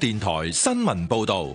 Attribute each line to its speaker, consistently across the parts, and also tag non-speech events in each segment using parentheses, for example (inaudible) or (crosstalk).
Speaker 1: 電台新聞報道，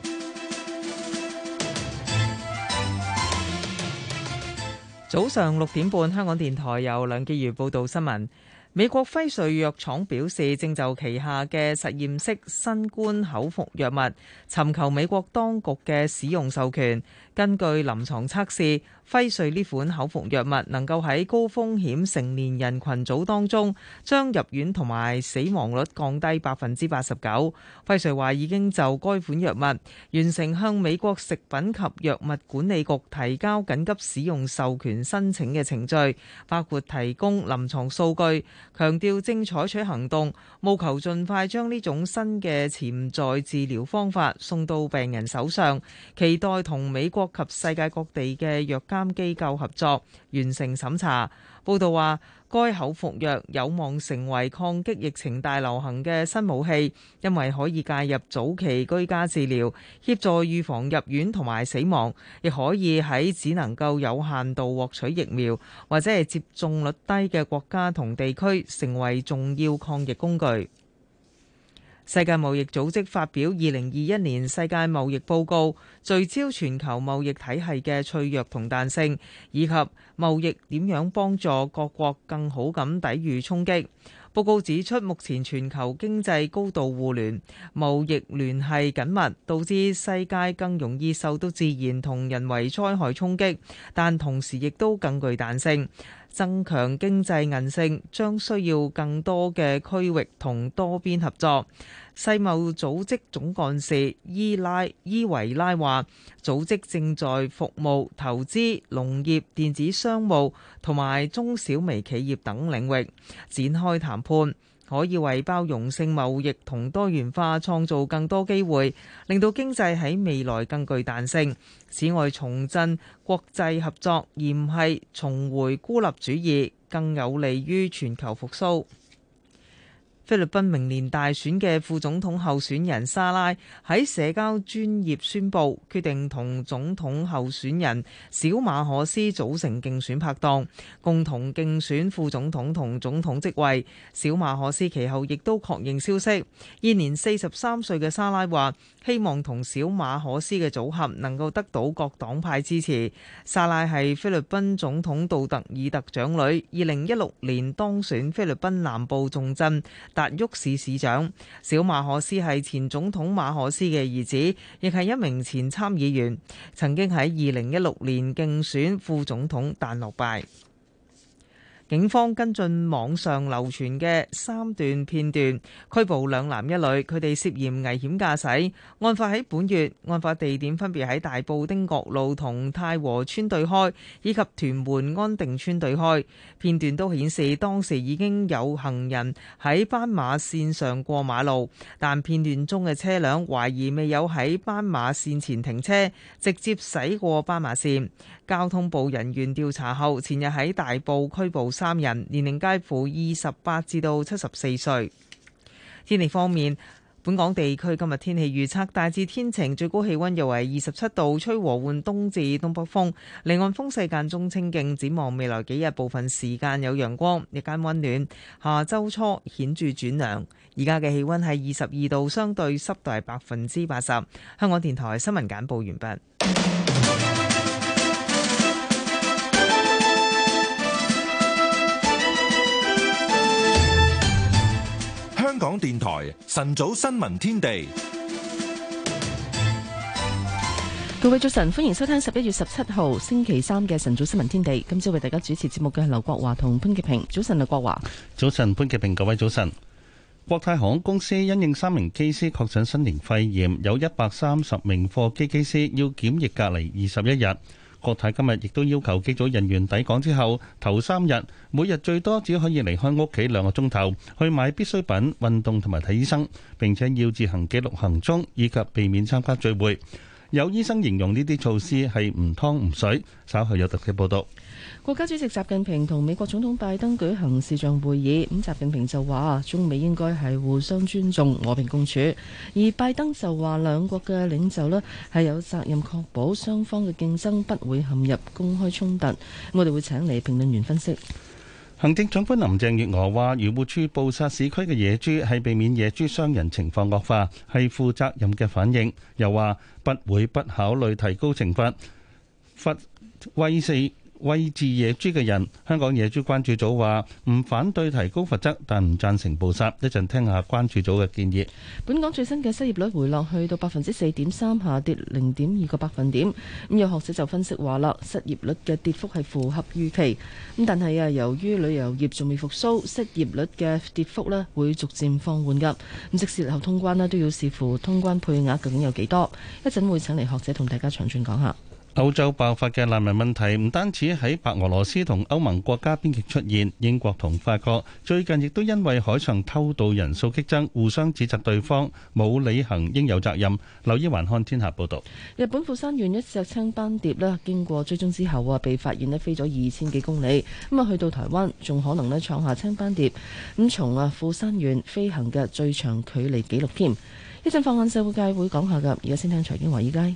Speaker 2: 早上六點半，香港電台由梁潔如報道新聞。美國輝瑞藥廠表示，正就旗下嘅實驗式新冠口服藥物尋求美國當局嘅使用授權。根據臨床測試，輝瑞呢款口服藥物能夠喺高風險成年人群組當中，將入院同埋死亡率降低百分之八十九。輝瑞話已經就該款藥物完成向美國食品及藥物管理局提交緊急使用授權申請嘅程序，包括提供臨床數據，強調正採取行動，務求盡快將呢種新嘅潛在治療方法送到病人手上，期待同美國。及世界各地嘅藥監機構合作，完成審查。報道話，該口服藥有望成為抗擊疫情大流行嘅新武器，因為可以介入早期居家治療，協助預防入院同埋死亡，亦可以喺只能夠有限度獲取疫苗或者係接種率低嘅國家同地區成為重要抗疫工具。世界貿易組織發表《二零二一年世界貿易報告》，聚焦全球貿易體系嘅脆弱同彈性，以及貿易點樣幫助各國更好咁抵禦衝擊。報告指出，目前全球經濟高度互聯，貿易聯繫緊密，導致世界更容易受到自然同人為災害衝擊，但同時亦都更具彈性。增強經濟韌性將需要更多嘅區域同多邊合作。世貿組織總幹事伊拉伊維拉話：組織正在服務、投資、農業、電子商務同埋中小微企業等領域展開談判。可以為包容性貿易同多元化創造更多機會，令到經濟喺未來更具彈性。此外，重振國際合作而唔係重回孤立主義，更有利於全球復甦。菲律賓明年大選嘅副總統候選人沙拉喺社交專頁宣布決定同總統候選人小馬可斯組成競選拍檔，共同競選副總統同總統職位。小馬可斯其後亦都確認消息。現年四十三歲嘅沙拉話：希望同小馬可斯嘅組合能夠得到各黨派支持。沙拉係菲律賓總統杜特爾特長女，二零一六年當選菲律賓南部重鎮達沃市市長，小馬可斯係前總統馬可斯嘅兒子，亦係一名前參議員，曾經喺二零一六年競選副總統但落敗。警方跟進網上流傳嘅三段片段，拘捕兩男一女，佢哋涉嫌危險駕駛。案發喺本月，案發地點分別喺大埔丁角路同太和村對開，以及屯門安定村對開。片段都顯示當時已經有行人喺斑馬線上過馬路，但片段中嘅車輛懷疑未有喺斑馬線前停車，直接駛過斑馬線。交通部人員調查後，前日喺大埔拘捕三人，年齡介乎二十八至到七十四歲。天氣方面，本港地區今日天氣預測大致天晴，最高氣温約為二十七度，吹和緩東至東北風。離岸風勢間中清勁，展望未來幾日部分時間有陽光，日間温暖。下周初顯著轉涼。而家嘅氣温係二十二度，相對濕度係百分之八十。香港電台新聞簡報完畢。
Speaker 1: 香港電台晨早新聞天地，
Speaker 3: 各位早晨，歡迎收聽十一月十七號星期三嘅晨早新聞天地。今朝為大家主持節目嘅係劉國華同潘潔平。早晨，劉國華，
Speaker 4: 早晨潘潔平，各位早晨。國泰航空公司因應三名機師確診新型肺炎，有一百三十名貨機機師要檢疫隔離二十一日。國泰今日亦都要求機組人員抵港之後頭三日，每日最多只可以離開屋企兩個鐘頭去買必需品、運動同埋睇醫生，並且要自行記錄行蹤，以及避免參加聚會。有醫生形容呢啲措施係唔湯唔水，稍後有特別報道。
Speaker 3: 國家主席習近平同美國總統拜登舉行視像會議，咁習近平就話：中美應該係互相尊重、和平共處。而拜登就話兩國嘅領袖咧係有責任確保雙方嘅競爭不會陷入公開衝突。我哋會請嚟評論員分析。
Speaker 4: 行政長官林鄭月娥話：漁護署捕殺市區嘅野豬係避免野豬傷人情況惡化，係負責任嘅反應。又話不會不考慮提高懲罰罰威四。餵飼野豬嘅人，香港野豬關注組話唔反對提高罰則，但唔贊成捕殺。一陣聽下關注組嘅建議。
Speaker 3: 本港最新嘅失業率回落去到百分之四點三，下跌零點二個百分點。咁有學者就分析話啦，失業率嘅跌幅係符合預期。咁但係啊，由於旅遊業仲未復甦，失業率嘅跌幅咧會逐漸放緩噶。咁即使後通關咧都要視乎通關配額究竟有幾多。一陣會，會請嚟學者同大家詳盡講下。
Speaker 4: 歐洲爆發嘅難民問題唔單止喺白俄羅斯同歐盟國家邊境出現，英國同法國最近亦都因為海上偷渡人數激增，互相指責對方冇履行應有責任。留意環看天下報
Speaker 3: 道：「日本富山縣一隻青斑蝶咧，經過追蹤之後啊，被發現咧飛咗二千幾公里，咁啊去到台灣，仲可能咧創下青斑蝶咁從啊富山縣飛行嘅最長距離紀錄添。一陣放晏社會界會講下噶，而家先聽財經華爾街。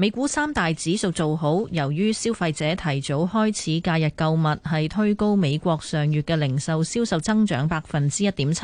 Speaker 5: 美股三大指數做好，由於消費者提早開始假日購物，係推高美國上月嘅零售銷售增長百分之一點七，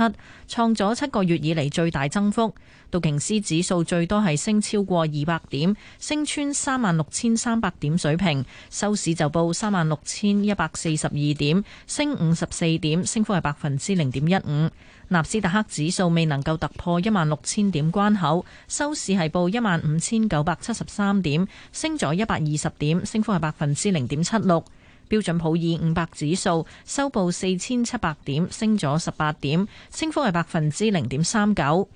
Speaker 5: 創咗七個月以嚟最大增幅。道瓊斯指數最多係升超過二百點，升穿三萬六千三百點水平，收市就報三萬六千一百四十二點，升五十四點，升幅係百分之零點一五。納斯達克指數未能夠突破一萬六千點關口，收市係報一萬五千九百七十三點，升咗一百二十點，升幅係百分之零點七六。標準普爾五百指數收報四千七百點，升咗十八點，升幅係百分之零點三九。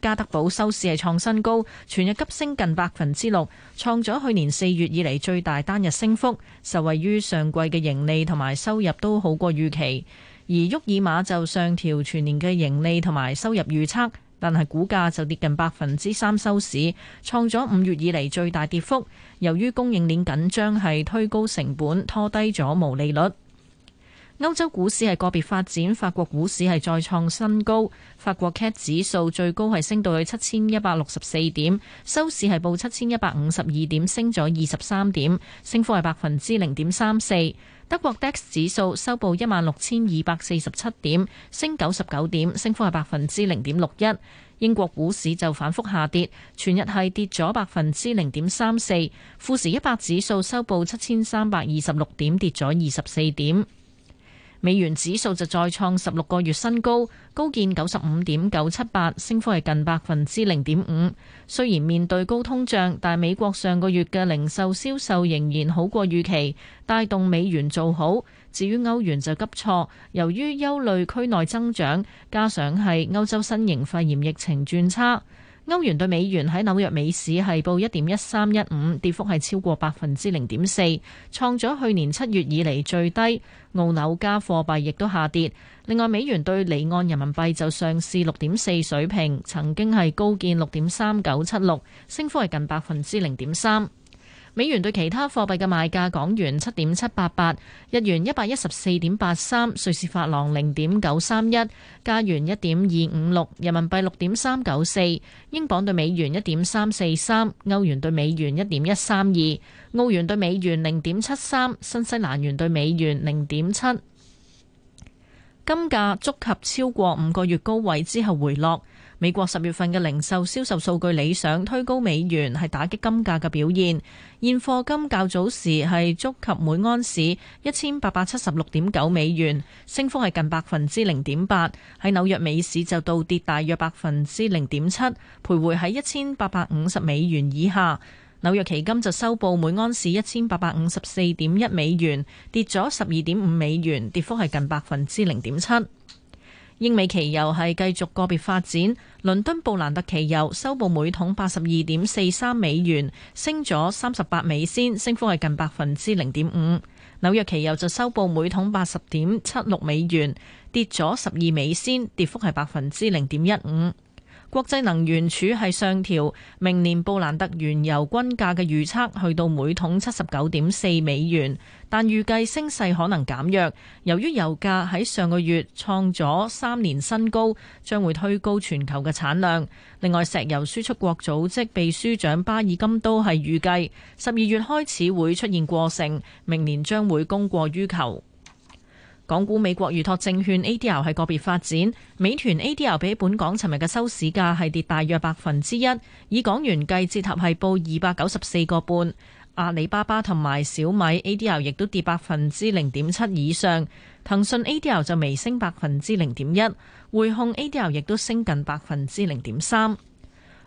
Speaker 5: 加德寶收市係創新高，全日急升近百分之六，創咗去年四月以嚟最大單日升幅，受惠於上季嘅盈利同埋收入都好過預期。而沃爾瑪就上調全年嘅盈利同埋收入預測，但係股價就跌近百分之三收市，創咗五月以嚟最大跌幅。由於供應鏈緊張，係推高成本，拖低咗毛利率。歐洲股市係個別發展，法國股市係再創新高。法國 CAC 指數最高係升到去七千一百六十四點，收市係報七千一百五十二點，升咗二十三點，升幅係百分之零點三四。德國 DAX 指數收報一萬六千二百四十七點，升九十九點，升幅係百分之零點六一。英國股市就反覆下跌，全日係跌咗百分之零點三四。富時一百指數收報七千三百二十六點，跌咗二十四點。美元指數就再創十六個月新高，高見九十五點九七八，升幅係近百分之零點五。雖然面對高通脹，但美國上個月嘅零售銷售仍然好過預期，帶動美元做好。至於歐元就急挫，由於憂慮區內增長，加上係歐洲新型肺炎疫情轉差。歐元對美元喺紐約美市係報一點一三一五，跌幅係超過百分之零點四，創咗去年七月以嚟最低。澳紐加貨幣亦都下跌。另外，美元對離岸人民幣就上試六點四水平，曾經係高見六點三九七六，升幅係近百分之零點三。美元對其他貨幣嘅賣價：港元七點七八八，日元一百一十四點八三，瑞士法郎零點九三一，加元一點二五六，人民幣六點三九四，英鎊對美元一點三四三，歐元對美元一點一三二，澳元對美元零點七三，新西蘭元對美元零點七。金價觸及超過五個月高位之後回落。美國十月份嘅零售銷售數據理想，推高美元係打擊金價嘅表現。現貨金較早時係觸及每安士一千八百七十六點九美元，升幅係近百分之零點八。喺紐約美市就倒跌大約百分之零點七，徘徊喺一千八百五十美元以下。紐約期金就收報每安士一千八百五十四點一美元，跌咗十二點五美元，跌幅係近百分之零點七。英美期油係繼續個別發展，倫敦布蘭特期油收報每桶八十二點四三美元，升咗三十八美仙，升幅係近百分之零點五。紐約期油就收報每桶八十點七六美元，跌咗十二美仙，跌幅係百分之零點一五。國際能源署係上調明年布蘭特原油均價嘅預測，去到每桶七十九點四美元，但預計升勢可能減弱。由於油價喺上個月創咗三年新高，將會推高全球嘅產量。另外，石油輸出國組織秘書長巴爾金都係預計十二月開始會出現過剩，明年將會供過於求。港股美國預託證券 ADR 係個別發展，美團 ADR 比本港尋日嘅收市價係跌大約百分之一，以港元計，折合係報二百九十四個半。阿里巴巴同埋小米 ADR 亦都跌百分之零點七以上，騰訊 ADR 就微升百分之零點一，匯控 ADR 亦都升近百分之零點三。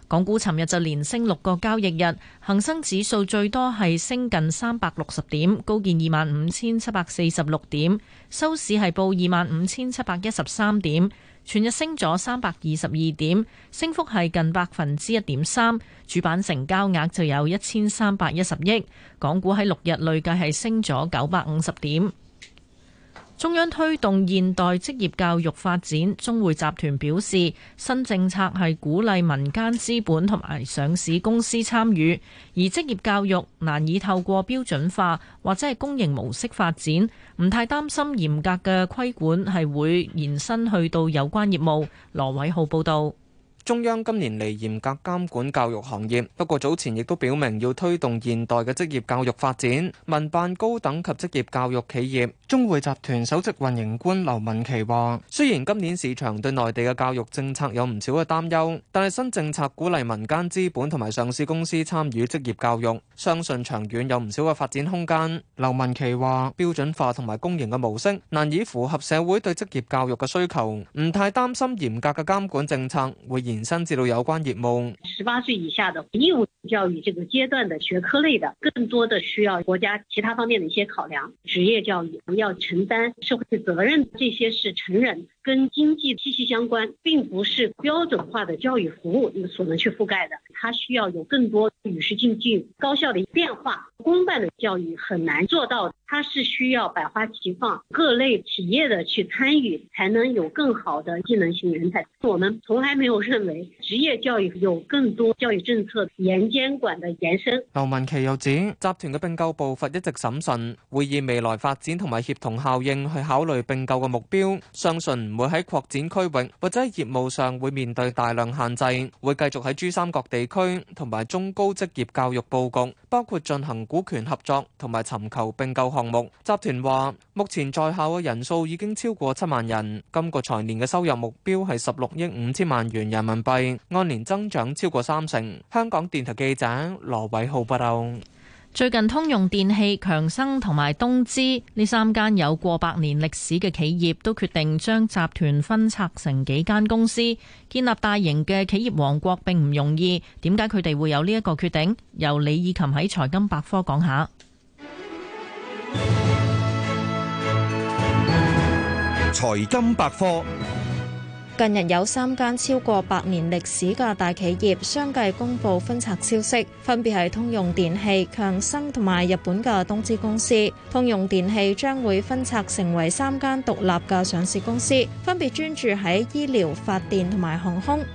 Speaker 5: 港股尋日就連升六個交易日，恒生指數最多係升近三百六十點，高見二萬五千七百四十六點，收市係報二萬五千七百一十三點，全日升咗三百二十二點，升幅係近百分之一點三，主板成交額就有一千三百一十億，港股喺六日累計係升咗九百五十點。中央推動現代職業教育發展，中匯集團表示，新政策係鼓勵民間資本同埋上市公司參與，而職業教育難以透過標準化或者係公營模式發展，唔太擔心嚴格嘅規管係會延伸去到有關業務。羅偉浩報導。中央今年嚟，
Speaker 6: 嚴格監管教育行業，不過早前亦都表明要推動現代嘅職業教育發展。民辦高等及職業教育企業中匯集團首席運營官劉文琪話，雖然今年市場對內地嘅教育政策有唔少嘅擔憂，但係新政策鼓勵民間資本同埋上市公司參與職業教育，相信長遠有唔少嘅發展空間。劉文琪話標準化同埋公營嘅模式難以符合社會對職業教育嘅需求，唔太擔心嚴格嘅監管政策會延。延伸至到有關業務。
Speaker 5: 十八歲以下的義務教育這個階段的學科類的，更多的需要國家其他方面的一些考量。職業教育要承擔社會責任，這些是成人。跟經濟息息相關，並不是標準化的教育服務所能去覆蓋的，它需要有更多與時俱進、高效的變化。公辦的教育很難做到，它是需要百花齊放，各類企業的去參與，才能有更好的技能型人才。我們從來沒有認為職業教育有更多教育政策嚴監管的延伸。
Speaker 6: 劉文琪又指，集團嘅併購步伐一直審慎，會以未來發展同埋協同效應去考慮併購嘅目標，相信，唔會喺擴展區域或者喺業務上會面對大量限制，會繼續喺珠三角地區同埋中高職業教育布局，包括進行股權合作同埋尋求併購項目。集團話目前在校嘅人數已經超過七萬人，今個財年嘅收入目標係十六億五千萬元人民幣，按年增長超過三成。香港電台記者羅偉浩報道。
Speaker 5: 最近通用電器、強生同埋東芝呢三間有過百年歷史嘅企業都決定將集團分拆成幾間公司，建立大型嘅企業王國，並唔容易。點解佢哋會有呢一個決定？由李以琴喺財金百科講下。
Speaker 1: 財
Speaker 7: 金百科。
Speaker 8: 近日有三間超過百年歷史嘅大企業，相繼公布分拆消息，分別係通用電器、強生同埋日本嘅東芝公司。通用電器將會分拆成為三間獨立嘅上市公司，分別專注喺醫療、發電同埋航空。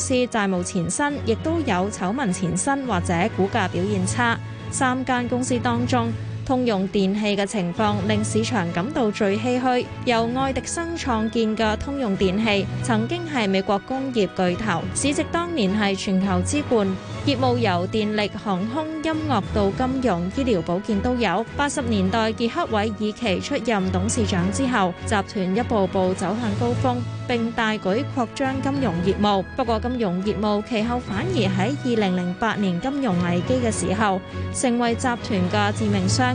Speaker 8: 是債務纏身，亦都有醜聞纏身或者股價表現差。三間公司當中，通用電器嘅情況令市場感到最唏嘘。由愛迪生創建嘅通用電器，曾經係美國工業巨頭，市值當年係全球之冠。業務由電力、航空、音樂到金融、醫療保健都有。八十年代傑克韋爾奇出任董事長之後，集團一步步走向高峰。並大舉擴張金融業務，不過金融業務其後反而喺二零零八年金融危機嘅時候，成為集團嘅致命傷。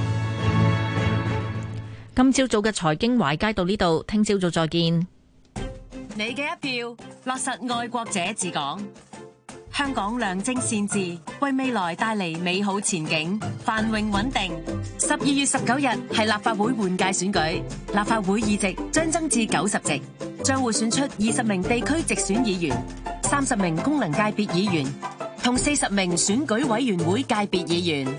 Speaker 5: 今朝早嘅財經懷街到呢度，聽朝早再見。你嘅一票落實愛國者治港，香港良政善治，為未來帶嚟美好前景，繁榮穩定。十二月十九日係立法會換屆選舉，立法會議席將增至九十席，將會選出二十名地區直選議員、三十名功能界別議員同四十名選舉委員會界別議員。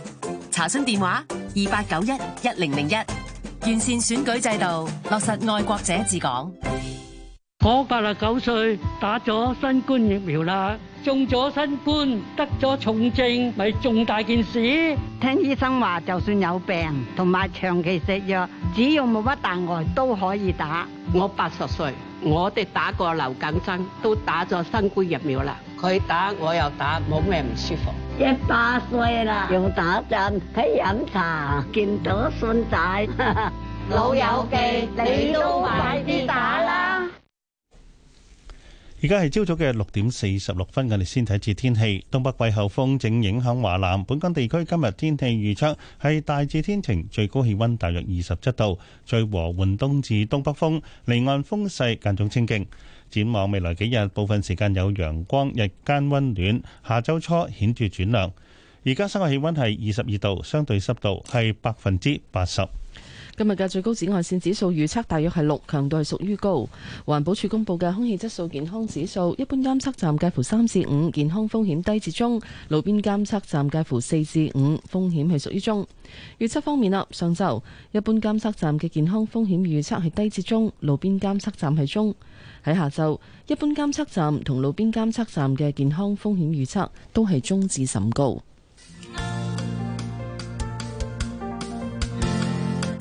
Speaker 5: 查詢電話：二八九一一零零一。完善選舉制度，落實愛國者治港。我八十九歲，打
Speaker 9: 咗新冠疫苗啦，中咗新冠，得咗重症，咪重大件事。聽醫生話，就算有病同埋長期食藥，只要冇乜大礙，都可以打。我八十歲，我哋打過流感針，
Speaker 5: 都打咗新冠疫苗啦。佢打我又打，冇咩唔
Speaker 10: 舒服。一百歲啦，
Speaker 5: 又打針，喺飲茶，見到孫仔，老友記，你都快啲打啦！
Speaker 4: 而家係朝早嘅六點四十六分，我哋先睇住天氣。東北季候風正影響華南，本港地區今日天氣預測係大致天晴，最高氣温大約二十七度，最和緩東至東北風，離岸風勢間中清勁。展望未來幾日，部分時間有陽光，日間溫暖，下周初顯著轉涼。而家室外氣溫係二十二度，相對濕度係百分之八十。
Speaker 3: 今日嘅最高紫外線指數預測大約係六，強度係屬於高。環保署公布嘅空氣質素健康指數，一般監測站介乎三至五，健康風險低至中；路邊監測站介乎四至五，風險係屬於中。預測方面啦，上晝一般監測站嘅健康風險預測係低至中，路邊監測站係中；喺下晝，一般監測站同路邊監測站嘅健康風險預測都係中至甚高。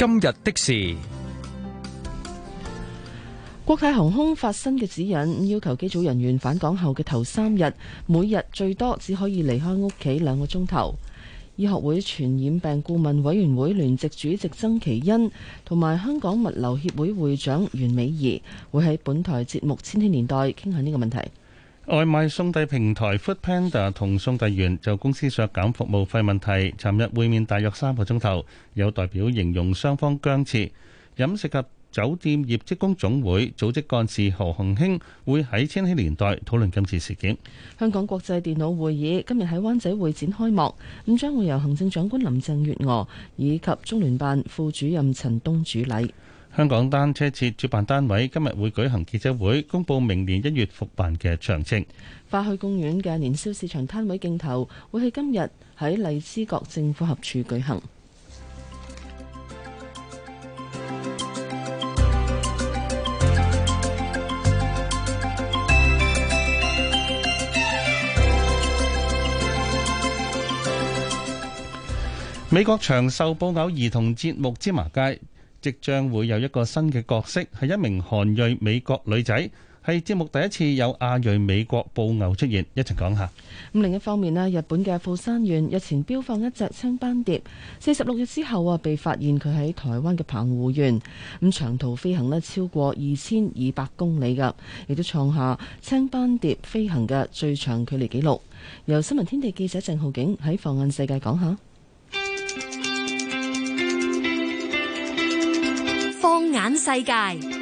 Speaker 9: 今日的事，
Speaker 3: 國泰航空發生嘅指引要求機組人員返港後嘅頭三日，每日最多只可以離開屋企兩個鐘頭。醫學會傳染病顧問委員會聯席主席曾其恩同埋香港物流協會會長袁美儀會喺本台節目《千禧年代》傾下呢個問題。
Speaker 4: 外賣送遞平台 Foodpanda 同送遞員就公司削減服務費問題，尋日會面大約三個鐘頭，有代表形容雙方僵持。飲食及酒店業職工總會組織幹事何雄興會喺千禧年代討論今次事件。
Speaker 3: 香港國際電腦會議今日喺灣仔會展開幕，咁將會由行政長官林鄭月娥以及中聯辦副主任陳東主禮。
Speaker 4: 香港單車節主辦單位今日會舉行記者會，公布明年一月復辦嘅詳情。
Speaker 3: 花墟公園嘅年宵市場攤位競投會喺今日喺荔枝角政府合署舉行。
Speaker 4: 美國長壽布偶兒童節目芝麻街，即將會有一個新嘅角色，係一名韓裔美國女仔，係節目第一次有亞裔美國布偶出現，一齊講下。
Speaker 3: 咁另一方面咧，日本嘅富山縣日前標放一隻青斑蝶，四十六日之後啊，被發現佢喺台灣嘅澎湖縣，咁長途飛行咧超過二千二百公里㗎，亦都創下青斑蝶飛行嘅最長距離紀錄。由新聞天地記者鄭浩景喺放眼世界講下。 (noise)
Speaker 10: 光眼世界。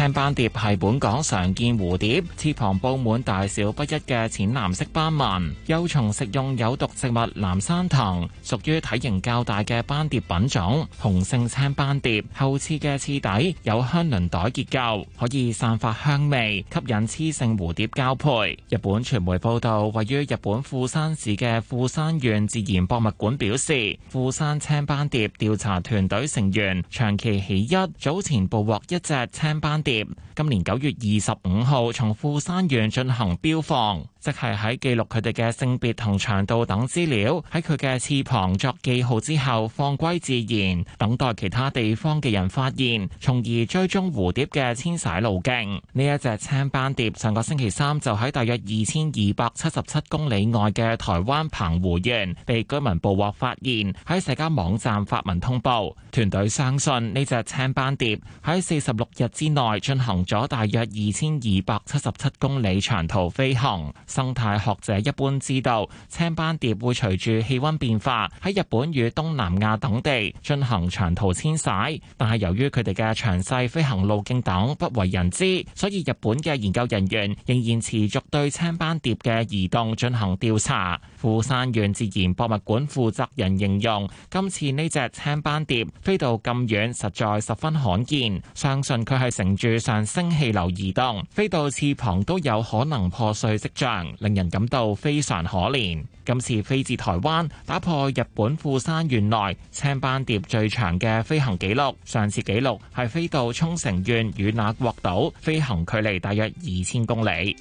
Speaker 11: 青斑蝶係本港常見蝴蝶，翅膀布滿大小不一嘅淺藍色斑紋。幼蟲食用有毒植物南山藤，屬於體型較大嘅斑蝶品種。雄性青斑蝶後翅嘅翅底有香鱗袋結構，可以散發香味，吸引雌性蝴蝶交配。日本傳媒報道，位於日本富山市嘅富山縣自然博物館表示，富山青斑蝶調，調查團隊成員長期起一早前捕獲一隻青斑蝶，今年九月二十五號從富山縣進行標放。即係喺記錄佢哋嘅性別同長度等資料，喺佢嘅翅膀作記號之後放歸自然，等待其他地方嘅人發現，從而追蹤蝴蝶嘅遷徙路徑。呢一隻青斑蝶上個星期三就喺大約二千二百七十七公里外嘅台灣澎湖縣被居民捕獲發現，喺社交網站發文通報。團隊相信呢隻青斑蝶喺四十六日之內進行咗大約二千二百七十七公里長途飛行。生態學者一般知道，青斑蝶會隨住氣溫變化喺日本與東南亞等地進行長途遷徙，但係由於佢哋嘅詳細飛行路徑等不為人知，所以日本嘅研究人員仍然持續對青斑蝶嘅移動進行調查。富山縣自然博物館負責人形容，今次呢隻青斑蝶飛到咁遠，實在十分罕見，相信佢係乘住上升氣流移動，飛到翅膀都有可能破碎跡象。令人感到非常可憐。今次飛至台灣，打破日本富山縣內青斑蝶最長嘅飛行記錄。上次記錄係飛到沖繩縣與那國島，飛行距離大約二千公里。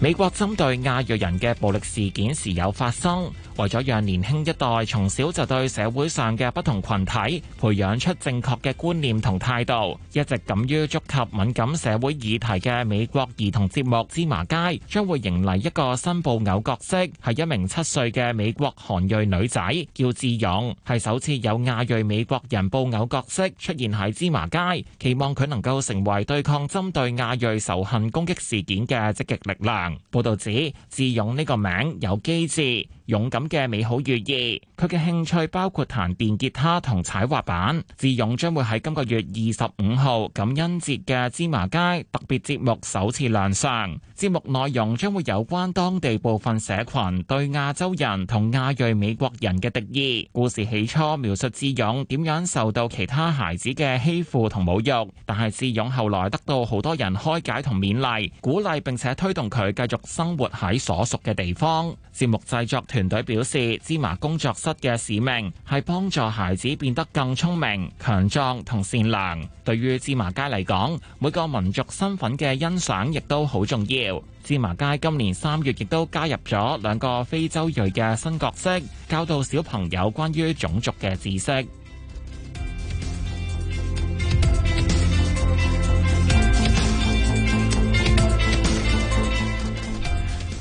Speaker 11: 美國針對亞裔人嘅暴力事件時有發生。為咗讓年輕一代從小就對社會上嘅不同群體培養出正確嘅觀念同態度，一直敢於觸及敏感社會議題嘅美國兒童節目《芝麻街》將會迎嚟一個新布偶角色，係一名七歲嘅美國韓裔女仔，叫智勇，係首次有亞裔美國人布偶角色出現喺《芝麻街》，期望佢能夠成為對抗針對亞裔仇恨攻擊事件嘅積極力量。報道指，智勇呢個名有機智。勇敢嘅美好寓意。佢嘅興趣包括彈電吉他同踩滑板。志勇將會喺今個月二十五號感恩節嘅芝麻街特別節目首次亮相。節目內容將會有關當地部分社群對亞洲人同亞裔美國人嘅敵意。故事起初描述志勇點樣受到其他孩子嘅欺負同侮辱，但係志勇後來得到好多人開解同勉勵，鼓勵並且推動佢繼續生活喺所屬嘅地方。節目製作。團隊表示，芝麻工作室嘅使命係幫助孩子變得更聰明、強壯同善良。對於芝麻街嚟講，每個民族身份嘅欣賞亦都好重要。芝麻街今年三月亦都加入咗兩個非洲裔嘅新角色，教導小朋友關於種族嘅知識。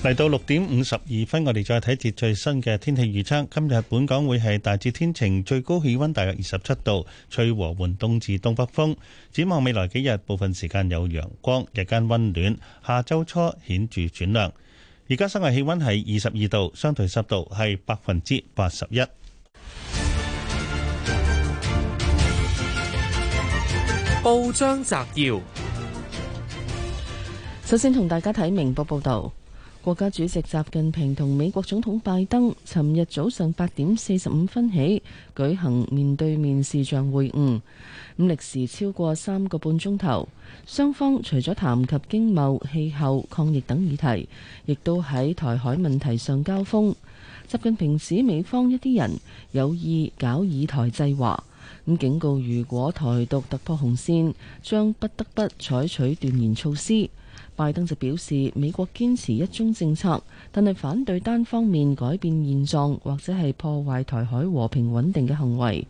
Speaker 4: 嚟到六點五十二分，我哋再睇一節最新嘅天氣預測。今日本港會係大致天晴，最高氣溫大約二十七度，吹和緩東至東北風。展望未來幾日，部分時間有陽光，日間溫暖。下周初顯著轉涼。而家室外氣溫係二十二度，相對濕度係百分之八十一。
Speaker 3: 報章摘要，首先同大家睇明報報道。國家主席習近平同美國總統拜登尋日早上八點四十五分起舉行面對面視像會晤，咁歷時超過三個半鐘頭。雙方除咗談及經貿、氣候、抗疫等議題，亦都喺台海問題上交鋒。習近平指美方一啲人有意搞以台制華，咁警告如果台獨突破紅線，將不得不採取斷然措施。拜登就表示，美國堅持一中政策，但係反對單方面改變現狀或者係破壞台海和平穩定嘅行為。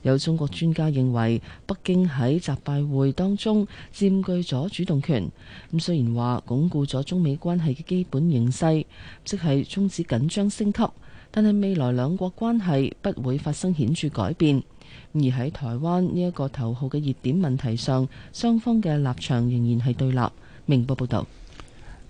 Speaker 3: 有中國專家認為，北京喺習拜會當中佔據咗主動權，咁雖然話鞏固咗中美關係嘅基本形勢，即係終止緊張升級，但係未來兩國關係不會發生顯著改變。而喺台灣呢一個頭號嘅熱點問題上，雙方嘅立場仍然係對立。明報報道，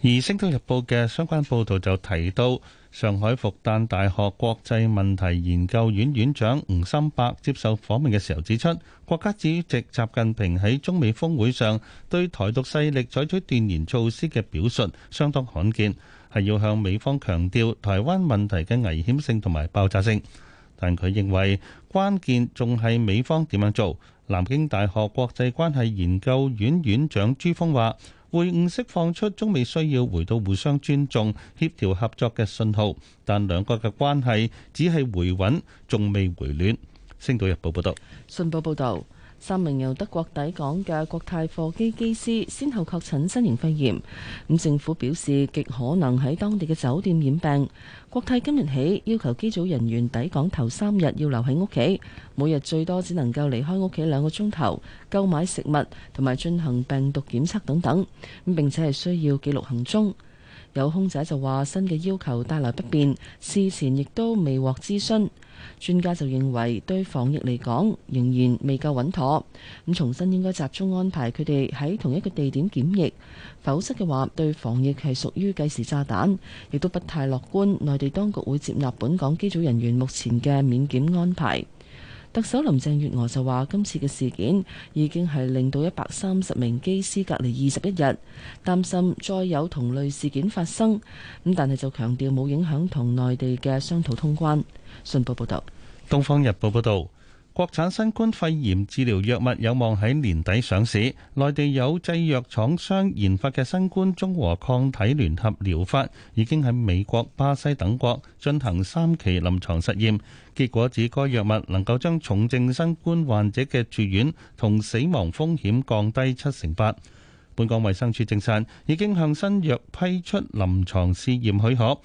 Speaker 4: 而《星島日報》嘅相關報道就提到，上海復旦大學國際問題研究院院長吳心伯接受訪問嘅時候指出，國家主席習近平喺中美峰會上對台獨勢力採取斷然措施嘅表述相當罕見，係要向美方強調台灣問題嘅危險性同埋爆炸性。但佢認為關鍵仲係美方點樣做。南京大學國際關係研究院院長朱峰話。會晤釋放出中美需要回到互相尊重、協調合作嘅信號，但兩國嘅關係只係回穩，仲未回暖。星島日報報道，
Speaker 3: 信報報道。三名由德國抵港嘅國泰貨機機師，先後確診新型肺炎。咁政府表示極可能喺當地嘅酒店染病。國泰今日起要求機組人員抵港頭三日要留喺屋企，每日最多只能夠離開屋企兩個鐘頭，購買食物同埋進行病毒檢測等等。並且係需要記錄行蹤。有空姐就話：新嘅要求帶來不便，事前亦都未獲諮詢。專家就認為對防疫嚟講仍然未夠穩妥，咁重新應該集中安排佢哋喺同一個地點檢疫，否則嘅話對防疫係屬於計時炸彈，亦都不太樂觀。內地當局會接納本港機組人員目前嘅免檢安排。特首林鄭月娥就話：今次嘅事件已經係令到一百三十名機師隔離二十一日，擔心再有同類事件發生。咁但係就強調冇影響同內地嘅商討通關。信報報導，《東方日
Speaker 4: 報》報導。國產新冠肺炎治療藥物有望喺年底上市。內地有製藥廠商研發嘅新冠中和抗體聯合療法，已經喺美國、巴西等國進行三期臨床試驗，結果指該藥物能夠將重症新冠患者嘅住院同死亡風險降低七成八。本港衛生署證實，已經向新藥批出臨床試驗許可。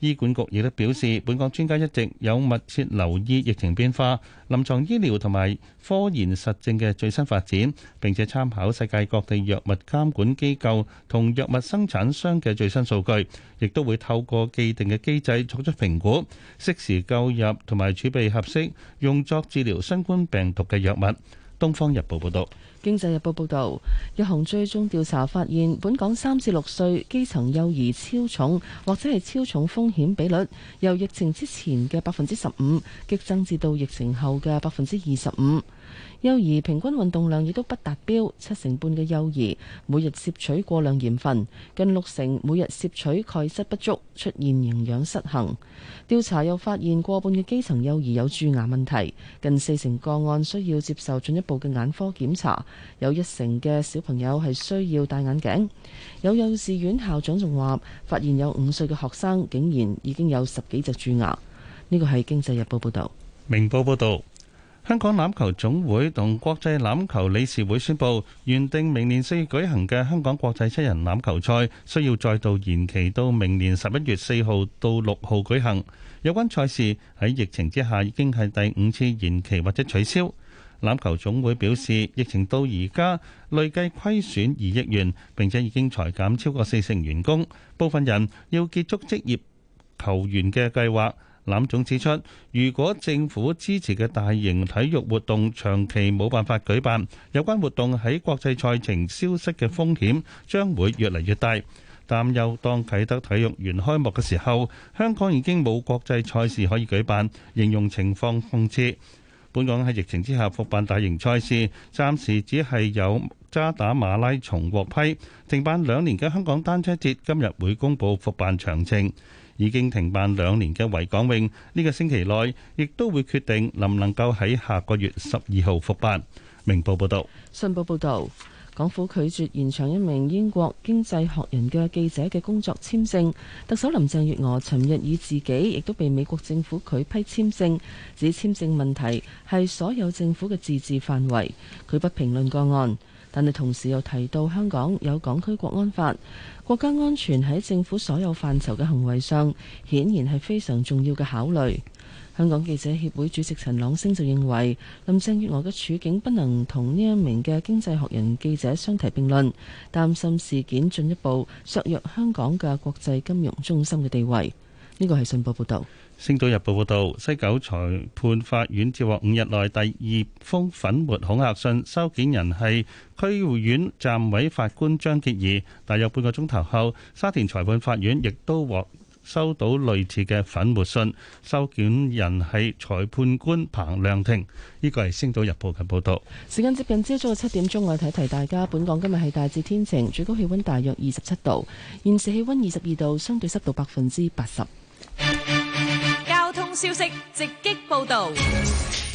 Speaker 4: 醫管局亦都表示，本港專家一直有密切留意疫情變化、臨床醫療同埋科研實證嘅最新發展，並且參考世界各地藥物監管機構同藥物生產商嘅最新數據，亦都會透過既定嘅機制作出評估，適時購入同埋儲備合適用作治療新冠病毒嘅藥物。《東方日報》報道。
Speaker 3: 經濟日報報導，一項追蹤調查發現，本港三至六歲基層幼兒超重或者係超重風險比率，由疫情之前嘅百分之十五，激增至到疫情後嘅百分之二十五。幼兒平均運動量亦都不達標，七成半嘅幼兒每日攝取過量鹽分，近六成每日攝取鈣質不足，出現營養失衡。調查又發現過半嘅基層幼兒有蛀牙問題，近四成個案需要接受進一步嘅眼科檢查，有一成嘅小朋友係需要戴眼鏡。有幼稚園校長仲話，發現有五歲嘅學生竟然已經有十幾隻蛀牙。呢個係《經濟日報》報道，《明報》
Speaker 4: 報道。香港欖球總會同國際欖球理事會宣布，原定明年四月舉行嘅香港國際七人欖球賽，需要再度延期到明年十一月四號到六號舉行。有關賽事喺疫情之下已經係第五次延期或者取消。欖球總會表示，疫情到而家累計虧損二億元，並且已經裁減超過四成員工，部分人要結束職業球員嘅計劃。林總指出，如果政府支持嘅大型體育活動長期冇辦法舉辦，有關活動喺國際賽程消失嘅風險將會越嚟越大。擔憂當啟德體育園開幕嘅時候，香港已經冇國際賽事可以舉辦，形容情況諷刺。本港喺疫情之下復辦大型賽事，暫時只係有渣打馬拉松獲批，停辦兩年嘅香港單車節今日會公佈復辦詳情。已經停辦兩年嘅維港泳呢個星期內，亦都會決定能唔能夠喺下個月十二號復辦。明報報道，
Speaker 3: 信報報道，港府拒絕延長一名英國經濟學人嘅記者嘅工作簽證。特首林鄭月娥尋日以自己亦都被美國政府拒批簽證，指簽證問題係所有政府嘅自治範圍，佢不評論個案。但係同時又提到香港有港區國安法，國家安全喺政府所有範疇嘅行為上，顯然係非常重要嘅考慮，香港記者協會主席陳朗昇就認為林鄭月娥嘅處境不能同呢一名嘅經濟學人記者相提並論，擔心事件進一步削弱香港嘅國際金融中心嘅地位。呢個係信報報道。
Speaker 4: 星島日報報道，西九裁判法院接獲五日內第二封粉末恐嚇信，收件人係區院暫委法官張潔儀。大約半個鐘頭後，沙田裁判法院亦都獲收到類似嘅粉末信，收件人係裁判官彭亮廷。呢個係星島日報嘅報道。
Speaker 3: 時間接近朝早七點鐘，我提一提大家，本港今日係大致天晴，最高氣溫大約二十七度，現時氣溫二十二度，相對濕度百分之八十。
Speaker 5: 消息直
Speaker 12: 擊報道。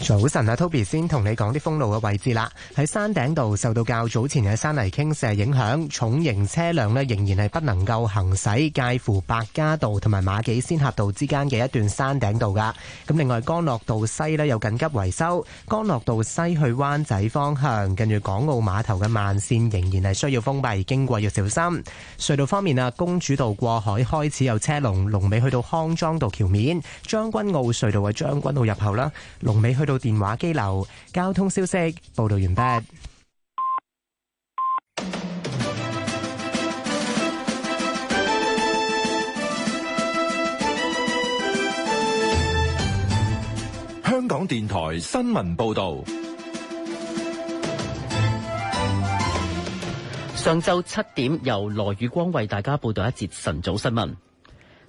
Speaker 12: 早晨啊，Toby 先同你講啲封路嘅位置啦。喺山頂道受到較早前嘅山泥傾瀉影響，重型車輛呢仍然係不能夠行駛介乎白加道同埋馬己仙峽道之間嘅一段山頂道噶。咁另外，干諾道西呢有緊急維修，干諾道西去灣仔方向，近住港澳碼頭嘅慢線仍然係需要封閉，經過要小心。隧道方面啊，公主道過海開始有車龍，龍尾去到康莊道橋面，將軍。澳隧道嘅將軍澳入口啦，龍尾去到電話機樓。交通消息報道完畢。
Speaker 1: 香港電
Speaker 9: 台新聞報道。上晝七點，由羅宇光為大家報道一節晨早新聞。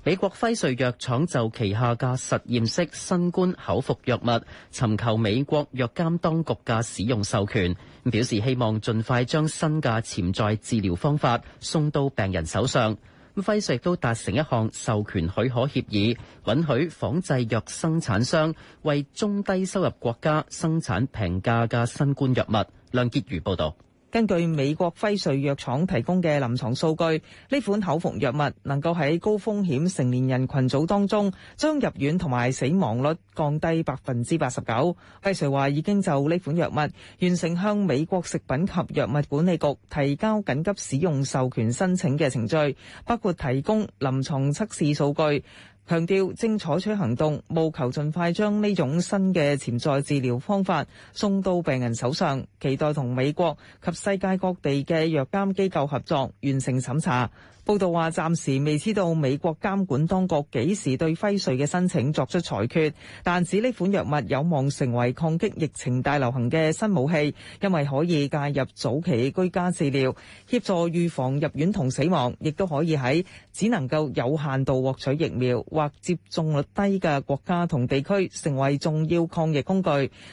Speaker 9: 美國輝瑞藥廠就旗下嘅實驗式新冠口服藥物尋求美國藥監當局嘅使用授權，表示希望盡快將新嘅潛在治療方法送到病人手上。咁輝瑞亦都達成一項授權許可協議，允許仿製藥生產商為中低收入國
Speaker 2: 家生產平價嘅
Speaker 9: 新冠藥物。梁潔如報道。
Speaker 2: 根據美國輝瑞藥廠提供嘅臨床數據，呢款口服藥物能夠喺高風險成年人群組當中將入院同埋死亡率降低百分之八十九。輝瑞話已經就呢款藥物完成向美國食品及藥物管理局提交緊急使用授權申請嘅程序，包括提供臨床測試數據。強調正採取行動，務求盡快將呢種新嘅潛在治療方法送到病人手上，期待同美國及世界各地嘅藥監機構合作，完成審查。報道話，暫時未知道美國監管當局幾時對輝瑞嘅申請作出裁決，但指呢款藥物有望成為抗擊疫情大流行嘅新武器，因為可以介入早期居家治療，協助預防入院同死亡，亦都可以喺只能夠有限度獲取疫苗或接種率低嘅國家同地區成為重要抗疫工具。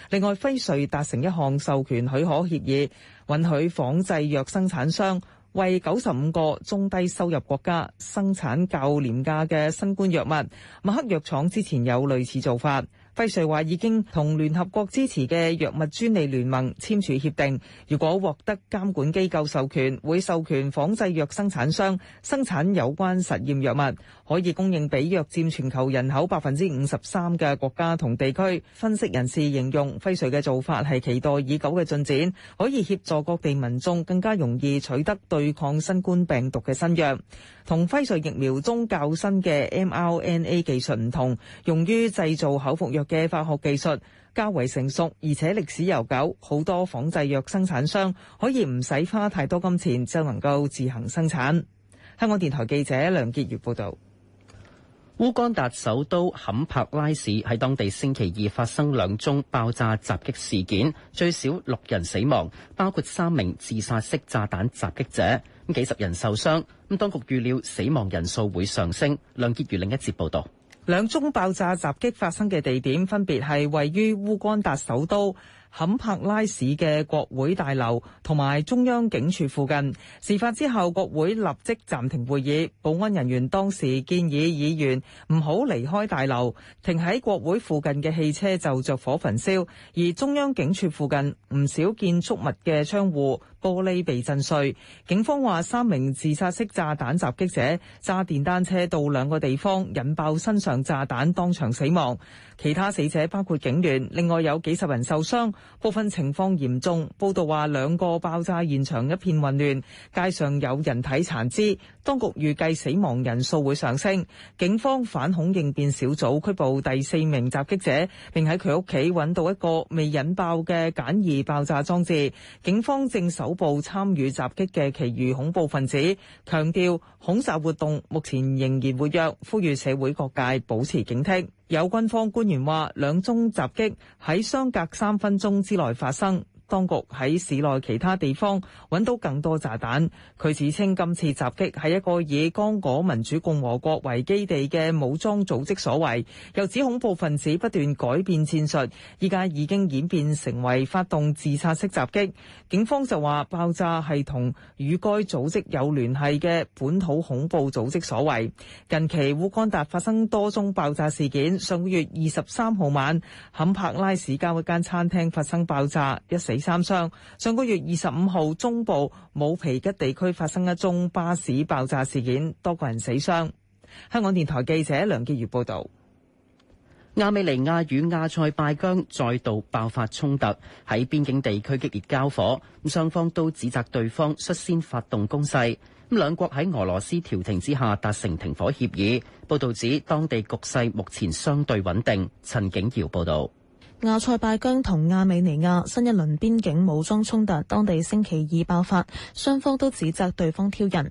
Speaker 2: 另外，輝瑞達成一項授權許可協議，允許仿製藥生產商。為九十五個中低收入國家生產較廉價嘅新冠藥物，默克藥廠之前有類似做法。輝瑞話已經同聯合國支持嘅藥物專利聯盟簽署協定，如果獲得監管機構授權，會授權仿製藥生產商生產有關實驗藥物，可以供應俾約佔全球人口百分之五十三嘅國家同地區。分析人士形容輝瑞嘅做法係期待已久嘅進展，可以協助各地民眾更加容易取得對抗新冠病毒嘅新藥。同輝瑞疫苗中較新嘅 mRNA 技術唔同，用於製造口服藥嘅化學技術較為成熟，而且歷史悠久，好多仿製藥生產商可以唔使花太多金錢就能夠自行生產。香港電台記者梁潔如報導。烏干達首都坎柏拉市喺當地星期二發生兩宗
Speaker 9: 爆炸襲擊事件，最少六人死亡，包括三名自殺式炸彈襲擊者。幾十人受傷，咁當局預料死亡人數會上升。梁潔如另一節報道，
Speaker 2: 兩宗爆炸襲擊發生嘅地點分別係位於烏干達首都坎帕拉市嘅國會大樓同埋中央警署附近。事發之後，國會立即暫停會議，保安人員當時建議議員唔好離開大樓，停喺國會附近嘅汽車就着火焚燒，而中央警署附近唔少建築物嘅窗戶。玻璃被震碎，警方話三名自殺式炸彈襲擊者揸電單車到兩個地方引爆身上炸彈，當場死亡。其他死者包括警員，另外有幾十人受傷，部分情況嚴重。報道話兩個爆炸現場一片混亂，街上有人體殘肢。當局預計死亡人數會上升。警方反恐應變小組拘捕第四名襲擊者，並喺佢屋企揾到一個未引爆嘅簡易爆炸裝置。警方正手。部參與襲擊嘅其餘恐怖分子強調，恐襲活動目前仍然活躍，呼籲社會各界保持警惕。有軍方官員話，兩宗襲擊喺相隔三分鐘之內發生。當局喺市內其他地方揾到更多炸彈。佢指稱今次襲擊係一個以剛果民主共和國為基地嘅武裝組織所為，又指恐怖分子不斷改變戰術，依家已經演變成為發動自殺式襲擊。警方就話爆炸係同與該組織有聯繫嘅本土恐怖組織所為。近期烏干達發生多宗爆炸事件，上個月二十三號晚坎柏拉市郊一間餐廳發生爆炸，一死三傷。上個月二十五號，中部武皮吉地區發生一宗巴士爆炸事件，多個人死傷。香港電台記者梁潔如報道。亞美尼亞與亞塞拜疆再度
Speaker 9: 爆發衝突，喺邊境地區激烈交火，咁雙方都指責對方率先發動攻勢。咁兩國喺俄羅斯調停之下達成停火協議。報道指當地局勢目前相對穩定。陳景堯報道。
Speaker 13: 亞塞拜疆同亞美尼亞新一輪邊境武裝衝突，當地星期二爆發，雙方都指責對方挑釁。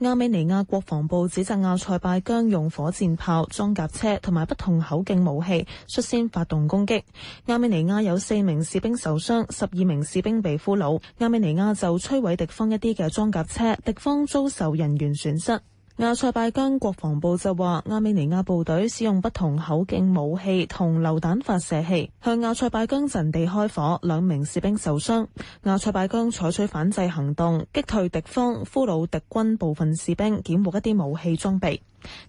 Speaker 13: 亞美尼亞國防部指責亞塞拜疆用火箭炮、裝甲車同埋不同口徑武器率先發動攻擊。亞美尼亞有四名士兵受傷，十二名士兵被俘虜。亞美尼亞就摧毀敵方一啲嘅裝甲車，敵方遭受人員損失。亞塞拜疆國防部就話，亞美尼亞部隊使用不同口徑武器同榴彈發射器向亞塞拜疆陣地開火，兩名士兵受傷。亞塞拜疆採取反制行動，擊退敵方，俘虜敵軍部分士兵，檢獲一啲武器裝備。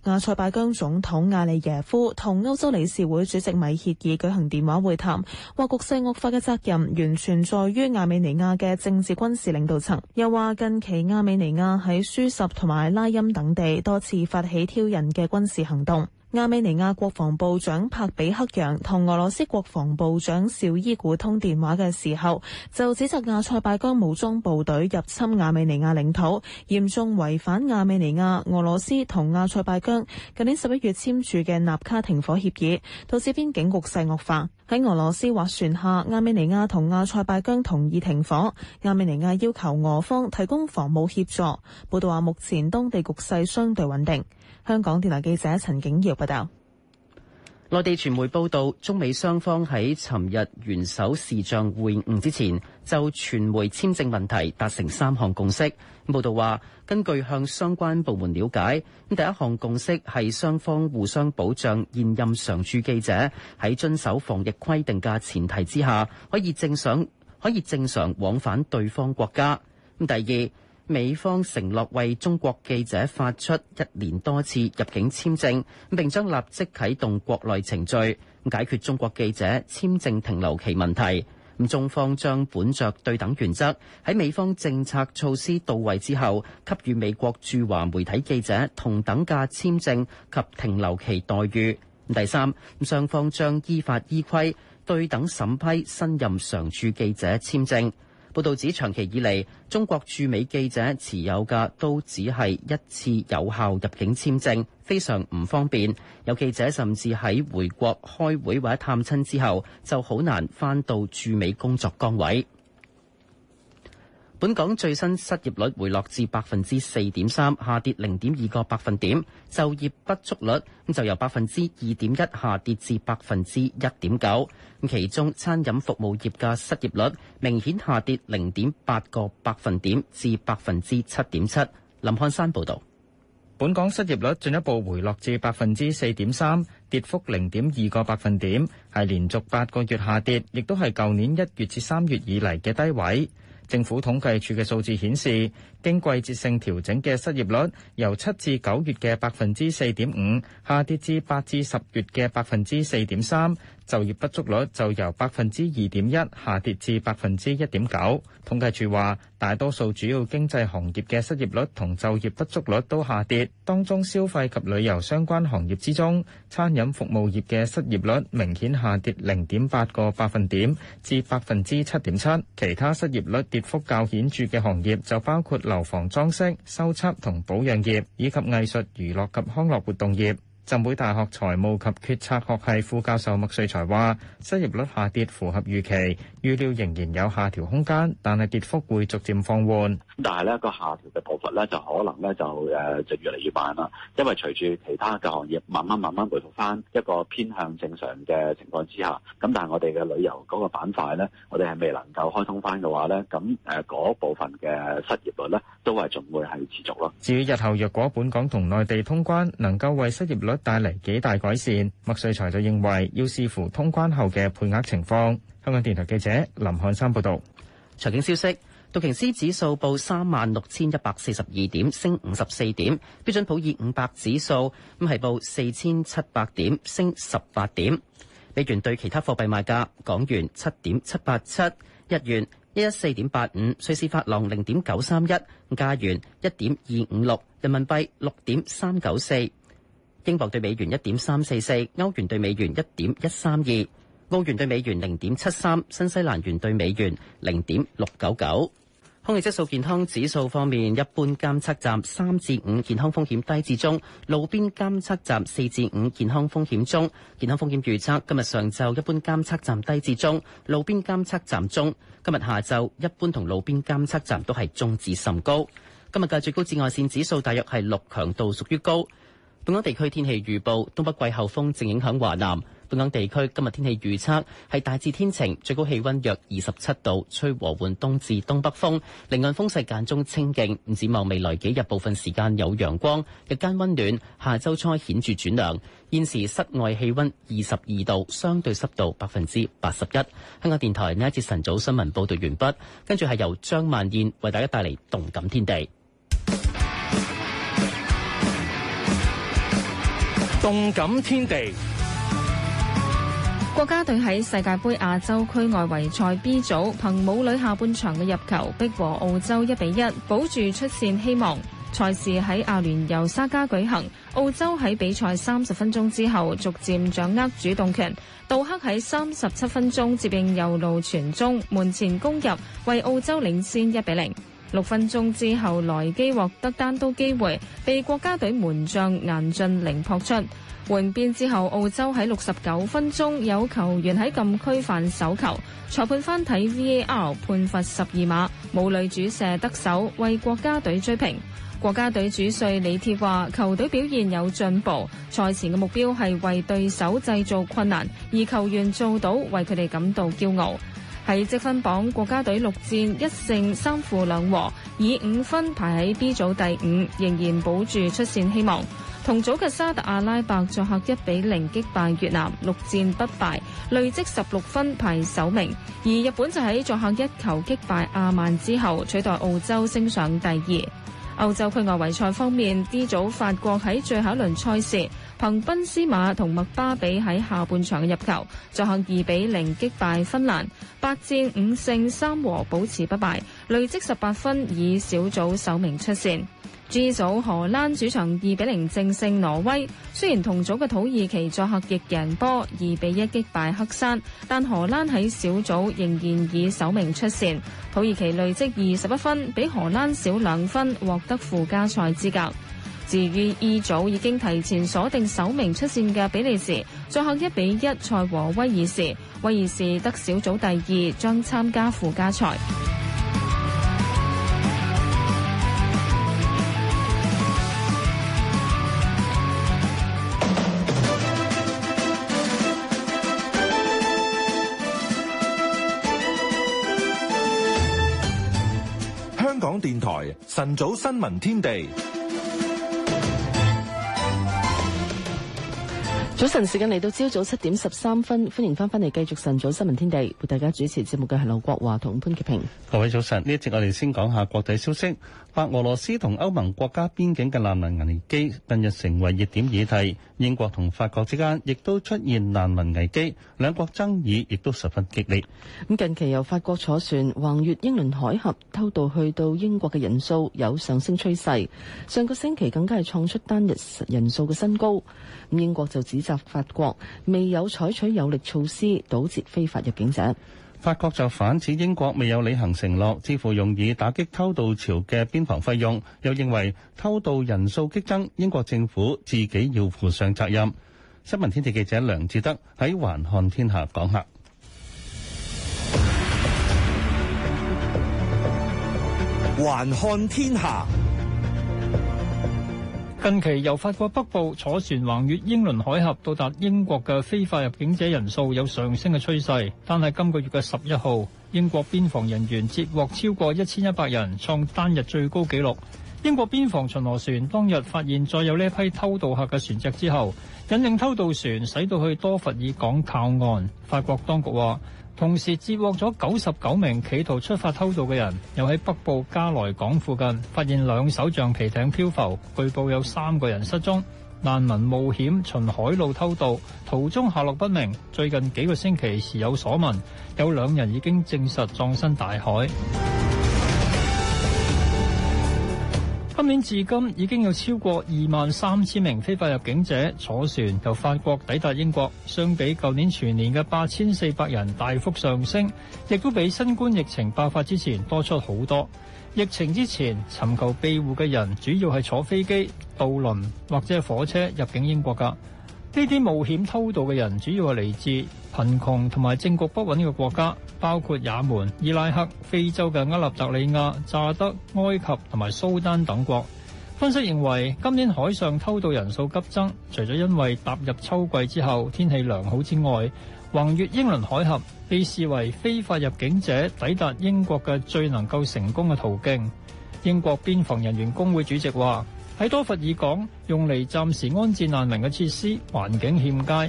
Speaker 13: 亞塞拜疆總統阿利耶夫同歐洲理事會主席米歇爾舉行電話會談，話局勢惡化嘅責任完全在於亞美尼亞嘅政治軍事領導層，又話近期亞美尼亞喺舒什同埋拉欽等地多次發起挑釁嘅軍事行動。亞美尼亞國防部長帕比克揚同俄羅斯國防部長紹伊古通電話嘅時候，就指責亞塞拜疆武裝部隊入侵亞美尼亞領土，嚴重違反亞美尼亞、俄羅斯同亞塞拜疆近年十一月簽署嘅納卡停火協議，導致邊境局勢惡化。喺俄羅斯斡旋下，亞美尼亞同亞塞拜疆同意停火，亞美尼亞要求俄方提供防務協助。報道話，目前當地局勢相對穩定。香港電台記者陳景堯報道，
Speaker 9: 內地傳媒報道，中美雙方喺尋日元首視像會晤之前，就傳媒簽證問題達成三項共識。報道話，根據向相關部門了解，咁第一項共識係雙方互相保障現任常駐記者喺遵守防疫規定嘅前提之下，可以正常，可以正常往返對方國家。咁第二，美方承諾為中國記者發出一年多次入境簽證，並將立即啟動國內程序解決中國記者簽證停留期問題，中方將本着對等原則，喺美方政策措施到位之後給予美國駐華媒體記者同等價簽證及停留期待遇。第三，雙方將依法依規對等審批新任常駐記者簽證。報道指，長期以嚟，中國駐美記者持有嘅都只係一次有效入境簽證，非常唔方便。有記者甚至喺回國開會或者探親之後，就好難返到駐美工作崗位。本港最新失業率回落至百分之四點三，下跌零點二個百分點。就業不足率咁就由百分之二點一下跌至百分之一點九。咁其中餐飲服務業嘅失業率明顯下跌零點八個百分點，至百分之七點七。林漢山報導，本港失業率進一步回落至百
Speaker 14: 分之四點三，跌幅零點二個百分點，係連續八個月下跌，亦都係舊年一月至三月以嚟嘅低位。政府統計處嘅數字顯示。經季節性調整嘅失業率由七至九月嘅百分之四點五下跌至八至十月嘅百分之四點三，就業不足率就由百分之二點一下跌至百分之一點九。統計處話，大多數主要經濟行業嘅失業率同就業不足率都下跌，當中消費及旅遊相關行業之中，餐飲服務業嘅失業率明顯下跌零點八個百分點至百分之七點七，其他失業率跌幅較顯著嘅行業就包括。樓房裝飾、修葺同保養業，以及藝術、娛樂及康樂活動業。浸會大學財務及決策學系副教授麥瑞才話，失業率下跌符合預期，預料仍然有下調空間，但係跌幅會逐漸放緩。咁但係咧
Speaker 15: 個下調嘅步伐咧就可能咧就誒就越嚟越慢啦，因為隨住其他嘅行業慢慢慢慢回復翻一個偏向正常嘅情況之下，咁但係我哋嘅旅遊嗰個
Speaker 14: 板塊呢，我哋係未
Speaker 15: 能夠開通翻嘅話呢，咁誒嗰部分嘅失業率呢，都係仲會係持續咯。
Speaker 14: 至於日後若果本港同內地通關能夠為失業率帶嚟幾大改善，麥瑞才就認為要視乎通關後嘅配額情況。
Speaker 9: 香港電台記者林漢山報導。財經消息。道瓊斯指數報三萬六千一百四十二點，升五十四點。標準普爾五百指數咁係報四千七百點，升十八點。美元對其他貨幣賣價：港元七點七八七，日元一一四點八五，瑞士法郎零點九三一，加元一點二五六，人民幣六點三九四，英鎊對美元一點三四四，歐元對美元一點一三二，澳元對美元零點七三，新西蘭元對美元零點六九九。空氣質素健康指數方面，一般監測站三至五，健康風險低至中；路邊監測站四至五，健康風險中。健康風險預測今日上晝一般監測站低至中，路邊監測站中。今日下晝一般同路邊監測站都係中至甚高。今日嘅最高紫外線指數大約係六，強度屬於高。本港地區天氣預報：東北季候風正影響華南。本港地區今日天氣預測係大致天晴，最高氣溫約二十七度，吹和緩東至東北風。離岸風勢間中清勁。展指望未來幾日，部分時間有陽光，日間溫暖。下週初顯著轉涼。現時室外氣溫二十二度，相對濕度百分之八十一。香港電台呢一節晨早新聞報道完畢，跟住係由張萬燕為大家帶嚟動感天地。
Speaker 7: 動感天地。
Speaker 10: 國家隊喺世界杯亞洲區外圍賽 B 組，憑母女下半場嘅入球，逼和澳洲一比一，保住出線希望。賽事喺阿聯酋沙迦舉行，澳洲喺比賽三十分鐘之後逐漸掌握主動權，杜克喺三十七分鐘接應右路傳中，門前攻入，為澳洲領先一比零。六分鐘之後，萊基獲得單刀機會，被國家隊門將顏俊寧撲出。換邊之後，澳洲喺六十九分鐘有球員喺禁區犯手球，裁判翻睇 VAR 判罰十二碼，母女主射得手，為國家隊追平。國家隊主帥李鐵話：球隊表現有進步，賽前嘅目標係為對手製造困難，而球員做到，為佢哋感到驕傲。喺積分榜，國家隊六戰一勝三負兩和，以五分排喺 B 組第五，仍然保住出線希望。同組嘅沙特阿拉伯作客一比零擊敗越南，六戰不敗，累積十六分排首名。而日本就喺作客一球擊敗阿曼之後，取代澳洲升上第二。歐洲區外圍賽方面，D 組法國喺最後一輪賽事憑賓斯馬同麥巴比喺下半場嘅入球，作客二比零擊敗芬蘭，八戰五勝三和保持不敗，累積十八分以小組首名出線。G 組荷蘭主場2比0正勝挪威，雖然同組嘅土耳其作客亦贏波2比1擊敗黑山，但荷蘭喺小組仍然以首名出線。土耳其累積21分，比荷蘭少兩分，獲得附加賽資格。至於 E 組已經提前鎖定首名出線嘅比利時，作客1比1賽和威爾士，威爾士得小組第二加加，將參加附加賽。
Speaker 1: 晨早新聞天地。
Speaker 3: 早晨，時間嚟到朝早七點十三分，歡迎翻返嚟繼續晨早新聞天地，為大家主持節目嘅係劉國華同潘潔平。
Speaker 4: 各位早晨，呢一節我哋先講下國際消息。白俄羅斯同歐盟國家邊境嘅難民危機近日成為熱點議題，英國同法國之間亦都出現難民危機，兩國爭議亦都十分激烈。
Speaker 3: 咁近期由法國坐船橫越英倫海峽偷渡去到英國嘅人數有上升趨勢，上個星期更加係創出單日人數嘅新高。咁英國就指責。法國未有採取有力措施堵截非法入境者，
Speaker 4: 法國就反指英國未有履行承諾，支付用以打擊偷渡潮嘅邊防費用，又認為偷渡人數激增，英國政府自己要負上責任。新聞天地記者梁志德喺《橫看天下》講下，
Speaker 7: 《橫看天下》。近期由法國北部坐船橫越英倫海峽到達英國嘅非法入境者人數有上升嘅趨勢，但係今個月嘅十一號，英國邊防人員截獲超過一千一百人，創單日最高紀錄。英國邊防巡邏船當日發現再有呢一批偷渡客嘅船隻之後，引領偷渡船駛到去多佛爾港靠岸。法國當局話。同時接獲咗九十九名企圖出發偷渡嘅人，又喺北部加來港附近發現兩艘橡皮艇漂浮，據報有三個人失蹤。難民冒險循海路偷渡，途中下落不明。最近幾個星期時有所聞，有兩人已經證實葬身大海。今年至今已經有超過二萬三千名非法入境者坐船由法國抵達英國，相比舊年全年嘅八千四百人大幅上升，亦都比新冠疫情爆發之前多出好多。疫情之前尋求庇護嘅人主要係坐飛機、渡輪或者火車入境英國㗎。呢啲冒險偷渡嘅人主要係嚟自貧窮同埋政局不穩嘅國家，包括也門、伊拉克、非洲嘅厄立特里亞、乍得、埃及同埋蘇丹等國。分析認為，今年海上偷渡人數急增，除咗因為踏入秋季之後天氣良好之外，橫越英倫海峽被視為非法入境者抵達英國嘅最能夠成功嘅途徑。英國邊防人員工會主席話：喺多佛爾港用嚟暫時安置難民嘅設施環境欠佳，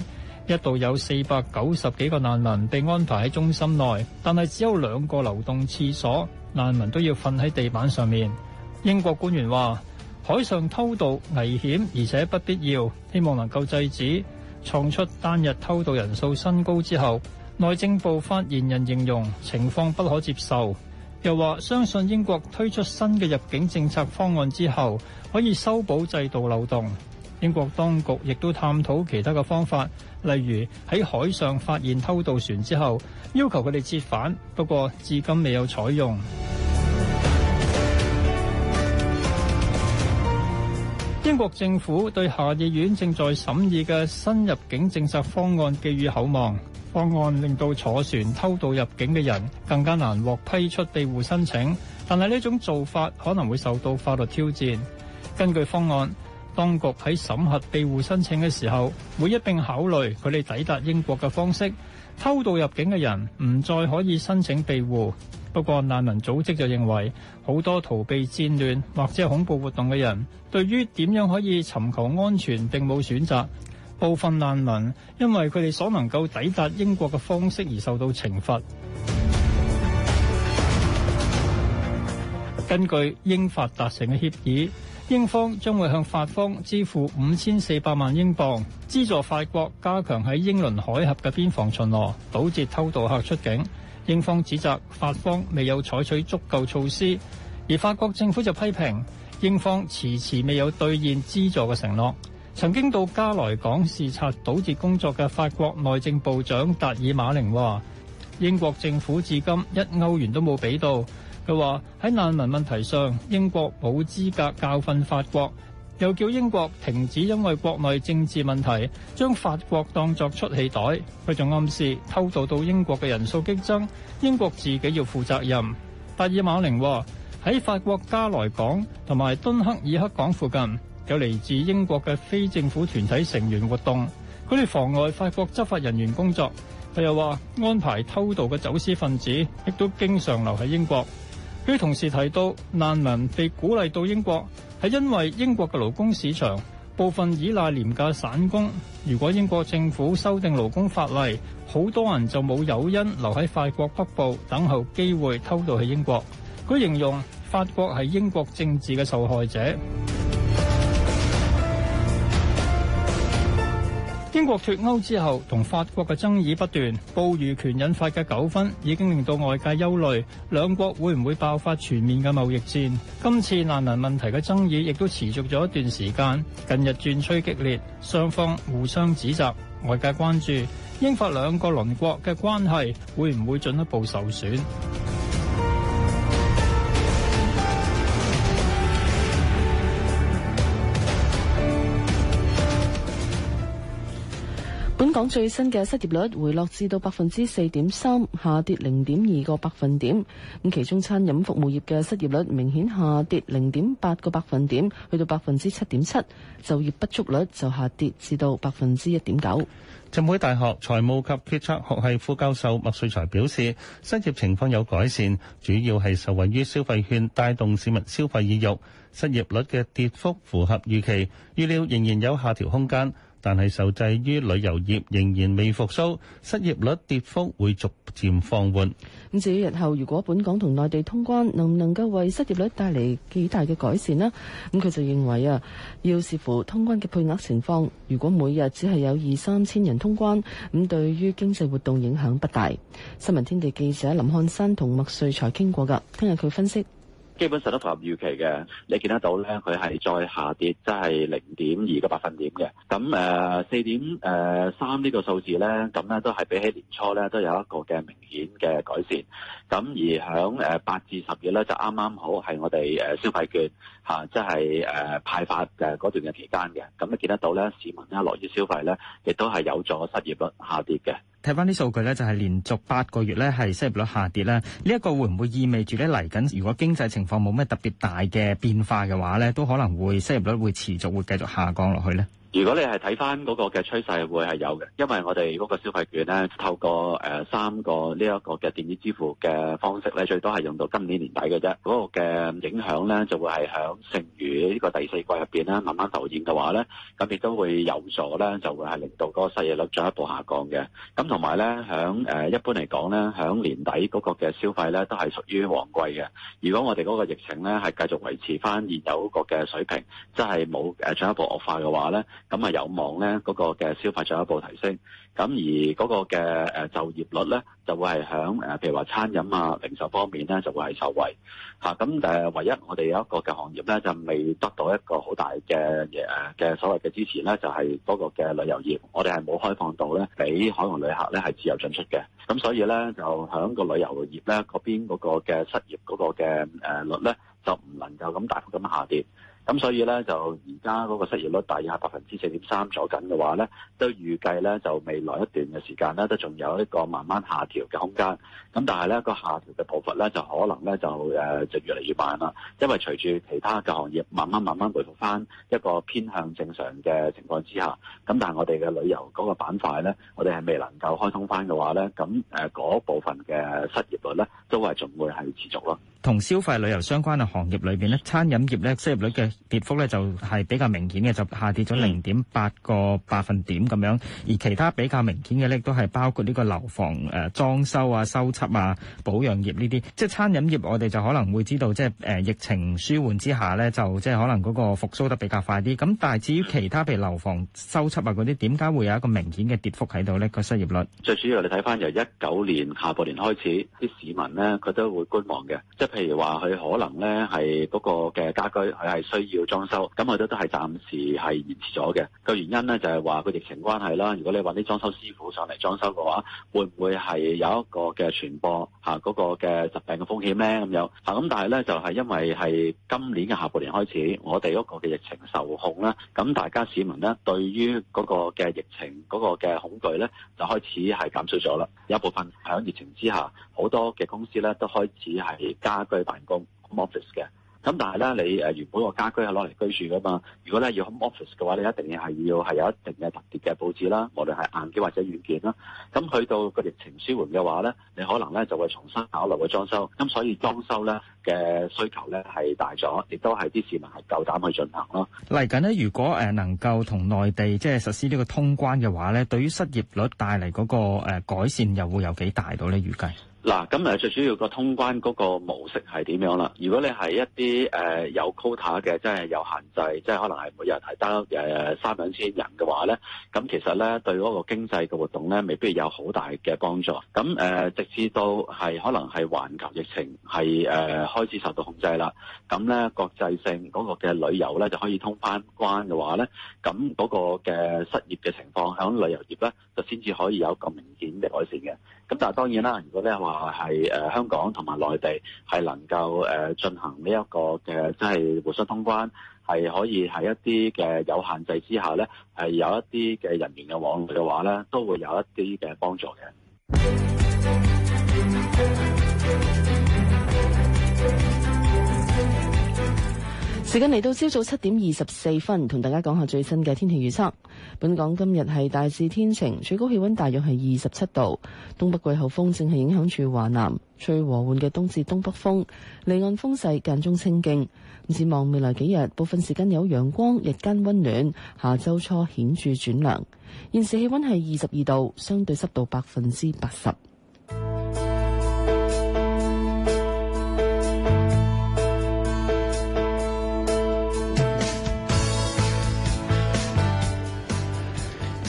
Speaker 7: 一度有四百九十幾個難民被安排喺中心內，但係只有兩個流動廁所，難民都要瞓喺地板上面。英國官員話：海上偷渡危險，而且不必要，希望能夠制止。創出單日偷渡人數新高之後，內政部發言人形容情況不可接受。又話相信英國推出新嘅入境政策方案之後，可以修補制度漏洞。英國當局亦都探討其他嘅方法，例如喺海上發現偷渡船之後，要求佢哋折返，不過至今未有採用。英國政府對下議院正在審議嘅新入境政策方案寄予厚望。方案令到坐船偷渡入境嘅人更加難獲批出庇護申請，但係呢種做法可能會受到法律挑戰。根據方案，當局喺審核庇護申請嘅時候，會一并考慮佢哋抵達英國嘅方式。偷渡入境嘅人唔再可以申請庇護。不過難民組織就認為，好多逃避戰亂或者恐怖活動嘅人，對於點樣可以尋求安全並冇選擇。部分難民因為佢哋所能夠抵達英國嘅方式而受到懲罰。 (noise) 根據英法達成嘅協議，英方將會向法方支付五千四百萬英鎊，資助法國加強喺英倫海峽嘅邊防巡邏，堵截偷渡客出境。英方指責法方未有採取足夠措施，而法國政府就批評英方遲遲未有兌現資助嘅承諾。曾經到加萊港視察堵截工作嘅法國內政部長達爾馬寧話，英國政府至今一歐元都冇俾到。佢話喺難民問題上，英國冇資格教訓法國。又叫英國停止因為國內政治問題將法國當作出氣袋，佢仲暗示偷渡到英國嘅人數激增，英國自己要負責任。達爾馬寧話喺法國加萊港同埋敦克爾克港附近有嚟自英國嘅非政府團體成員活動，佢哋妨礙法國執法人員工作。佢又話安排偷渡嘅走私分子亦都經常留喺英國。佢同時提到難民被鼓勵到英國，係因為英國嘅勞工市場部分依賴廉價散工，如果英國政府修訂勞工法例，好多人就冇誘因留喺法國北部等候機會偷渡去英國。佢形容法國係英國政治嘅受害者。英國脫歐之後，同法國嘅爭議不斷，捕魚權引發嘅糾紛已經令到外界憂慮，兩國會唔會爆發全面嘅貿易戰？今次難民問題嘅爭議亦都持續咗一段時間，近日轉趨激烈，雙方互相指責，外界關注英法兩個鄰國嘅關係會唔會進一步受損。
Speaker 3: 港最新嘅失業率回落至到百分之四點三，下跌零點二個百分點。咁其中餐飲服務業嘅失業率明顯下跌零點八個百分點，去到百分之七點七。就業不足率就下跌至到百分之一點九。
Speaker 4: 浸會大學財務及決策學系副教授麥瑞才表示，失業情況有改善，主要係受惠於消費券帶動市民消費意欲。失業率嘅跌幅符合預期，預料仍然有下調空間。但係受制於旅遊業仍然未復甦，失業率跌幅會逐漸放緩。
Speaker 3: 咁至於日後如果本港同內地通關，能唔能夠為失業率帶嚟幾大嘅改善呢？咁佢就認為啊，要視乎通關嘅配額情況。如果每日只係有二三千人通關，咁對於經濟活動影響不大。新聞天地記者林漢山同麥瑞才傾過㗎，聽日佢分析。
Speaker 15: 基本上都符合預期嘅，你見得到咧，佢係再下跌，即係零點二個百分點嘅。咁誒四點誒三呢個數字咧，咁咧都係比起年初咧都有一個嘅明顯嘅改善。咁而響誒八至十月咧，就啱啱好係我哋誒消費券。吓，即係誒派發誒嗰段嘅期間嘅，咁你見得到咧，市民咧樂意消費咧，亦都係有助失業率下跌嘅。
Speaker 14: 睇翻啲數據咧，就係、是、連續八個月咧係失業率下跌咧，呢、這、一個會唔會意味住咧嚟緊？如果經濟情況冇咩特別大嘅變化嘅話咧，都可能會失業率會持續會繼續下降落去咧。
Speaker 15: 如果你係睇翻嗰個嘅趨勢，會係有嘅，因為我哋嗰個消費券咧，透過誒三個呢一個嘅電子支付嘅方式咧，最多係用到今年年底嘅啫。嗰個嘅影響咧，就會係響剩餘呢個第四季入邊咧，慢慢浮現嘅話咧，咁亦都會有助咧，就會係令到嗰個失業率進一步下降嘅。咁同埋咧，響誒一般嚟講咧，響年底嗰個嘅消費咧，都係屬於旺季嘅。如果我哋嗰個疫情咧係繼續維持翻現有個嘅水平，即係冇誒進一步惡化嘅話咧。咁啊，有望咧嗰、嗰個嘅消費進一步提升，咁而嗰個嘅誒就業率咧就會係響誒，譬如話餐飲啊、零售方面咧就會係受惠嚇。咁、啊、誒唯一我哋有一個嘅行業咧就未得到一個好大嘅嘅所謂嘅支持咧，就係、係、嗰個嘅旅遊業。我哋係冇開放到咧，俾海外旅客咧係自由進出嘅。咁所以咧就響個旅遊業咧嗰邊嗰個嘅失業嗰個嘅誒率咧就唔能夠咁大幅咁下跌。咁所以咧就而家嗰個失業率大約係百分之四點三左右嘅話咧，都預計咧就未來一段嘅時間咧都仲有一個慢慢下調嘅空間。咁但係咧個下調嘅步伐咧就可能咧就誒就越嚟越慢啦，因為隨住其他嘅行業慢慢慢慢回復翻一個偏向正常嘅情況之下，咁但係我哋嘅旅遊嗰個板塊咧，我哋係未能夠開通翻嘅話咧，咁誒嗰部分嘅失業率咧都係仲會係持續咯。
Speaker 14: 同消費旅遊相關嘅行業裏邊咧，餐飲業咧失業率嘅。跌幅咧就係、是、比較明顯嘅，就下跌咗零點八個百分點咁樣。而其他比較明顯嘅咧，都係包括呢個樓房誒、呃、裝修啊、修葺啊、保養業呢啲。即係餐飲業，我哋就可能會知道，即係誒、呃、疫情舒緩之下咧，就即係可能嗰個復甦得比較快啲。咁但係至於其他譬如，如樓房修葺啊嗰啲，點解會有一個明顯嘅跌幅喺度咧？個失業率
Speaker 15: 最主要你睇返由一九年下半年開始，啲市民咧佢都會觀望嘅，即係譬如話佢可能咧係嗰個嘅家居佢係需要裝修，咁佢都都係暫時係延遲咗嘅。個原因咧就係話個疫情關係啦。如果你搵啲裝修師傅上嚟裝修嘅話，會唔會係有一個嘅傳播嚇嗰個嘅疾病嘅風險咧咁樣嚇？咁但係咧就係、是、因為係今年嘅下半年開始，我哋嗰個嘅疫情受控啦，咁大家市民咧對於嗰個嘅疫情嗰個嘅恐懼咧就開始係減少咗啦。有一部分喺疫情之下，好多嘅公司咧都開始係家居辦公 Home Office 嘅。咁但係咧，你誒原本個家居係攞嚟居住噶嘛？如果咧要 home office 嘅話，你一定要係要係有一定嘅特別嘅佈置啦，無論係硬件或者軟件啦。咁去到個疫情舒緩嘅話咧，你可能咧就會重新考慮個裝修。咁所以裝修咧嘅需求咧係大咗，亦都係啲市民係夠膽去進行咯。
Speaker 14: 嚟緊咧，如果誒能夠同內地即係實施呢個通關嘅話咧，對於失業率帶嚟嗰個改善又會有幾大到咧預計？預計
Speaker 15: 嗱，咁誒最主要個通關嗰個模式係點樣啦？如果你係一啲誒、呃、有 quota 嘅，即係有限制，即係可能係每日係得誒三兩千人嘅話咧，咁其實咧對嗰個經濟嘅活動咧，未必有好大嘅幫助。咁誒、呃，直至到係可能係環球疫情係誒、呃、開始受到控制啦，咁咧國際性嗰個嘅旅遊咧就可以通翻關嘅話咧，咁嗰個嘅失業嘅情況響旅遊業咧，就先至可以有咁明顯嘅改善嘅。咁但係當然啦，如果你係話，係誒香港同埋內地係能夠誒進行呢一個嘅即係互相通關，係可以喺一啲嘅有限制之下咧，係有一啲嘅人員嘅往來嘅話咧，都會有一啲嘅幫助嘅。 (noise)
Speaker 3: 時間嚟到朝早七點二十四分，同大家講下最新嘅天氣預測。本港今日係大致天晴，最高氣溫大約係二十七度。東北季候風正係影響住華南，吹和緩嘅東至東北風，離岸風勢間中清勁。展望未來幾日，部分時間有陽光，日間溫暖。下周初顯著轉涼。現時氣溫係二十二度，相對濕度百分之八十。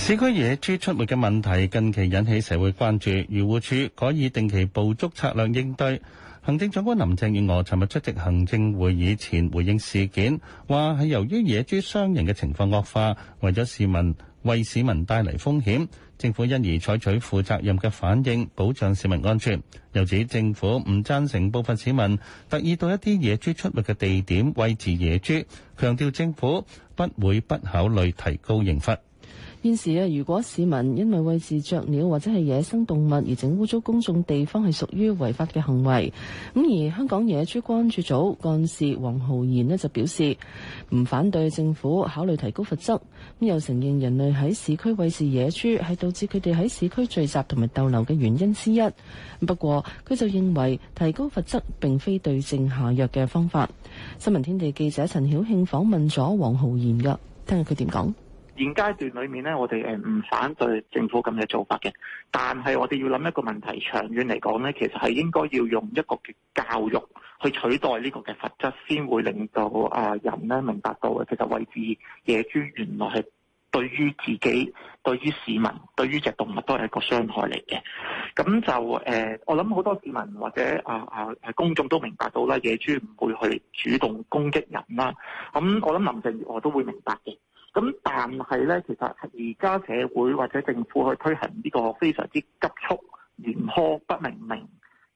Speaker 4: 市區野豬出沒嘅問題近期引起社會關注，漁護署可以定期捕捉策略應對。行政長官林鄭月娥尋日出席行政會議前回應事件，話係由於野豬傷人嘅情況惡化，為咗市民為市民帶嚟風險，政府因而採取負責任嘅反應，保障市民安全。又指政府唔贊成部分市民特意到一啲野豬出沒嘅地點餵食野豬，強調政府不會不考慮提高刑罰。
Speaker 3: 現時啊，如果市民因為餵食雀鳥或者係野生動物而整污糟公眾地方，係屬於違法嘅行為，咁而香港野豬關注組幹事黃浩然呢就表示，唔反對政府考慮提高罰則，咁又承認人類喺市區餵食野豬係導致佢哋喺市區聚集同埋逗留嘅原因之一。不過佢就認為提高罰則並非對症下藥嘅方法。新聞天地記者陳曉慶訪問咗黃浩然噶，聽下佢點講。
Speaker 16: 現階段裡面咧，我哋誒唔反對政府咁嘅做法嘅，但係我哋要諗一個問題，長遠嚟講咧，其實係應該要用一個嘅教育去取代呢個嘅罰則，先會令到啊人咧明白到其實餵飼野豬原來係對於自己、對於市民、對於隻動物都係一個傷害嚟嘅。咁就誒，我諗好多市民或者啊啊，公眾都明白到啦，野豬唔會去主動攻擊人啦。咁我諗林鄭月娥都會明白嘅。咁但係咧，其實而家社會或者政府去推行呢個非常之急促、嚴苛、不明明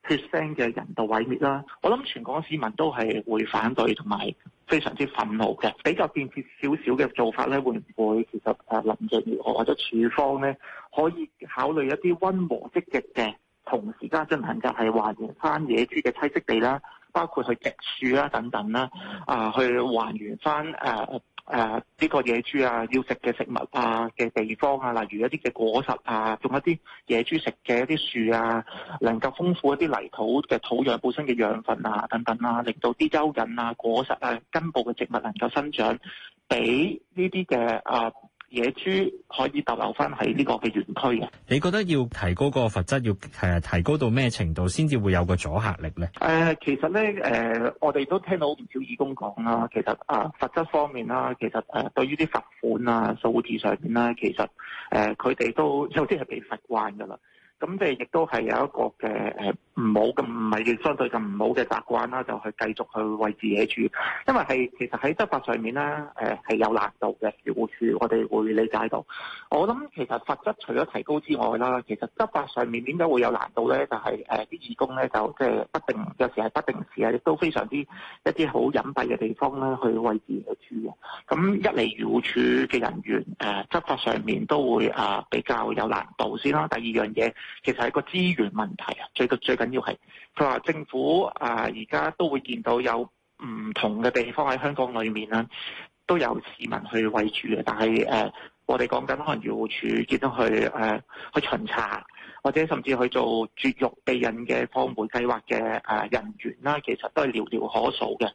Speaker 16: 血腥嘅人道毀滅啦，我諗全港市民都係會反對同埋非常之憤怒嘅。比較建設少少嘅做法咧，會唔會其實誒林鄭月娥或者署方咧，可以考慮一啲溫和積極嘅，同時間進行嘅係還原翻野豬嘅棲息地啦，包括去植樹啦等等啦，啊，去還原翻誒。啊誒呢、呃這個野豬啊，要食嘅食物啊嘅地方啊，例如一啲嘅果實啊，仲一啲野豬食嘅一啲樹啊，能夠豐富一啲泥土嘅土壤本身嘅養分啊，等等啊，令到啲蚯蚓啊、果實啊、根部嘅植物能夠生長，俾呢啲嘅啊。呃野豬可以逗留翻喺呢個嘅園區嘅，
Speaker 15: 你覺得要提高個罰則，要誒提高到咩程度先至會
Speaker 14: 有個阻嚇力咧？
Speaker 16: 誒、呃，其實咧，誒、呃，我哋都聽到唔少義工講啦，其實啊，罰、呃、則方面啦，其實誒、呃，對於啲罰款啊、數字上面咧，其實誒，佢、呃、哋都有啲係被罰慣噶啦。咁即係亦都係有一個嘅誒唔好嘅，唔係相對咁唔好嘅習慣啦，就去繼續去餵自己煮，因為係其實喺執法上面咧，誒係有難度嘅。漁護署我哋會理解到，我諗其實罰則除咗提高之外啦，其實執法上面點解會有難度咧？就係誒啲義工咧，就即係、就係、不定有時係不定時啊，亦都非常之一啲好隱蔽嘅地方咧去餵自己煮嘅。咁、嗯、的一嚟漁護署嘅人員誒、啊、執法上面都會啊比較有難度先啦。第二樣嘢。其實係個資源問題啊，最最緊要係佢話政府啊，而家都會見到有唔同嘅地方喺香港裏面啊，都有市民去餵豬嘅，但係誒、呃，我哋講緊可能漁護署見到去誒、呃、去巡查。或者甚至去做絕育避孕嘅放緩計劃嘅誒人員啦，其實都係寥寥可數嘅。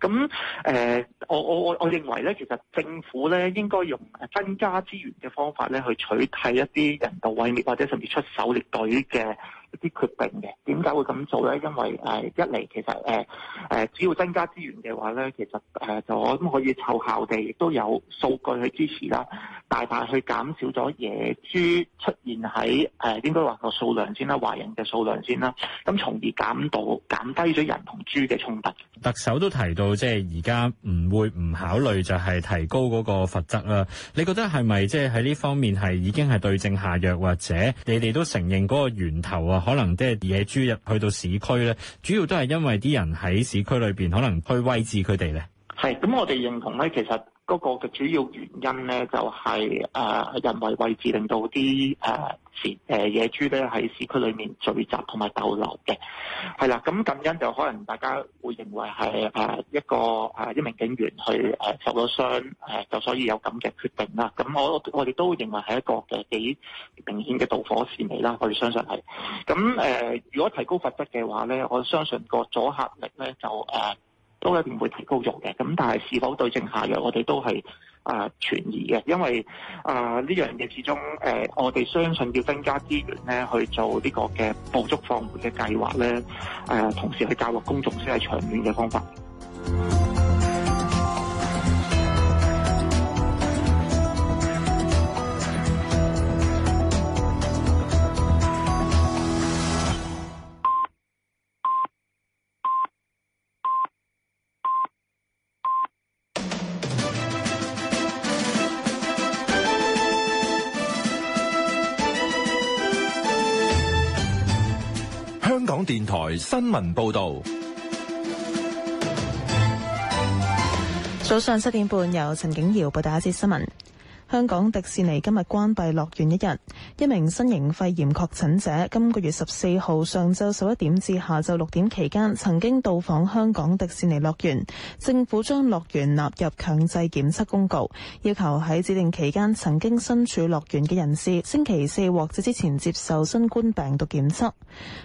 Speaker 16: 咁誒、呃，我我我我認為咧，其實政府咧應該用增加資源嘅方法咧，去取替一啲人道毀滅或者甚至出狩獵隊嘅。啲決定嘅點解會咁做咧？因為誒一嚟其實誒誒、呃呃，只要增加資源嘅話咧，其實誒、呃、就可咁可以湊效地，亦都有數據去支持啦，大大去減少咗野豬出現喺誒、呃，應該話個數量先啦，華人嘅數量先啦，咁從而減到減低咗人同豬嘅衝突。
Speaker 15: 特首都提到，即係而家唔會唔考慮就係提高嗰個罰則啦。你覺得係咪即係喺呢方面係已經係對症下藥，或者你哋都承認嗰個源頭啊？可能即係野豬入去到市區咧，主要都係因為啲人喺市區裏邊可能去餵飼佢哋咧，
Speaker 16: 係咁我哋認同咧，其實。嗰個嘅主要原因咧，就係、是、誒、呃、人為位置令到啲誒野野豬咧喺市區裏面聚集同埋逗留嘅，係啦。咁近因就可能大家會認為係誒一個誒一,一名警員去誒受咗傷誒，就、呃、所以有咁嘅決定啦。咁我我哋都認為係一個嘅幾明顯嘅導火線嚟啦。我哋相信係咁誒。如果提高罰則嘅話咧，我相信個阻嚇力咧就誒。呃都一定會提高藥嘅，咁但係是，是否對症下藥，我哋都係啊、呃、存疑嘅，因為啊呢樣嘢始終誒、呃，我哋相信要增加資源咧去做呢個嘅捕捉放回嘅計劃咧，誒、呃、同時去教育公眾先係長遠嘅方法。
Speaker 1: 台新聞報道，
Speaker 13: 早上七點半由陳景瑤報道一節新聞。香港迪士尼今日關閉樂園一日。一名新型肺炎確診者今個月十四號上晝十一點至下晝六點期間，曾經到訪香港迪士尼樂園。政府將樂園納入強制檢測公告，要求喺指定期間曾經身處樂園嘅人士，星期四或者之前接受新冠病毒檢測。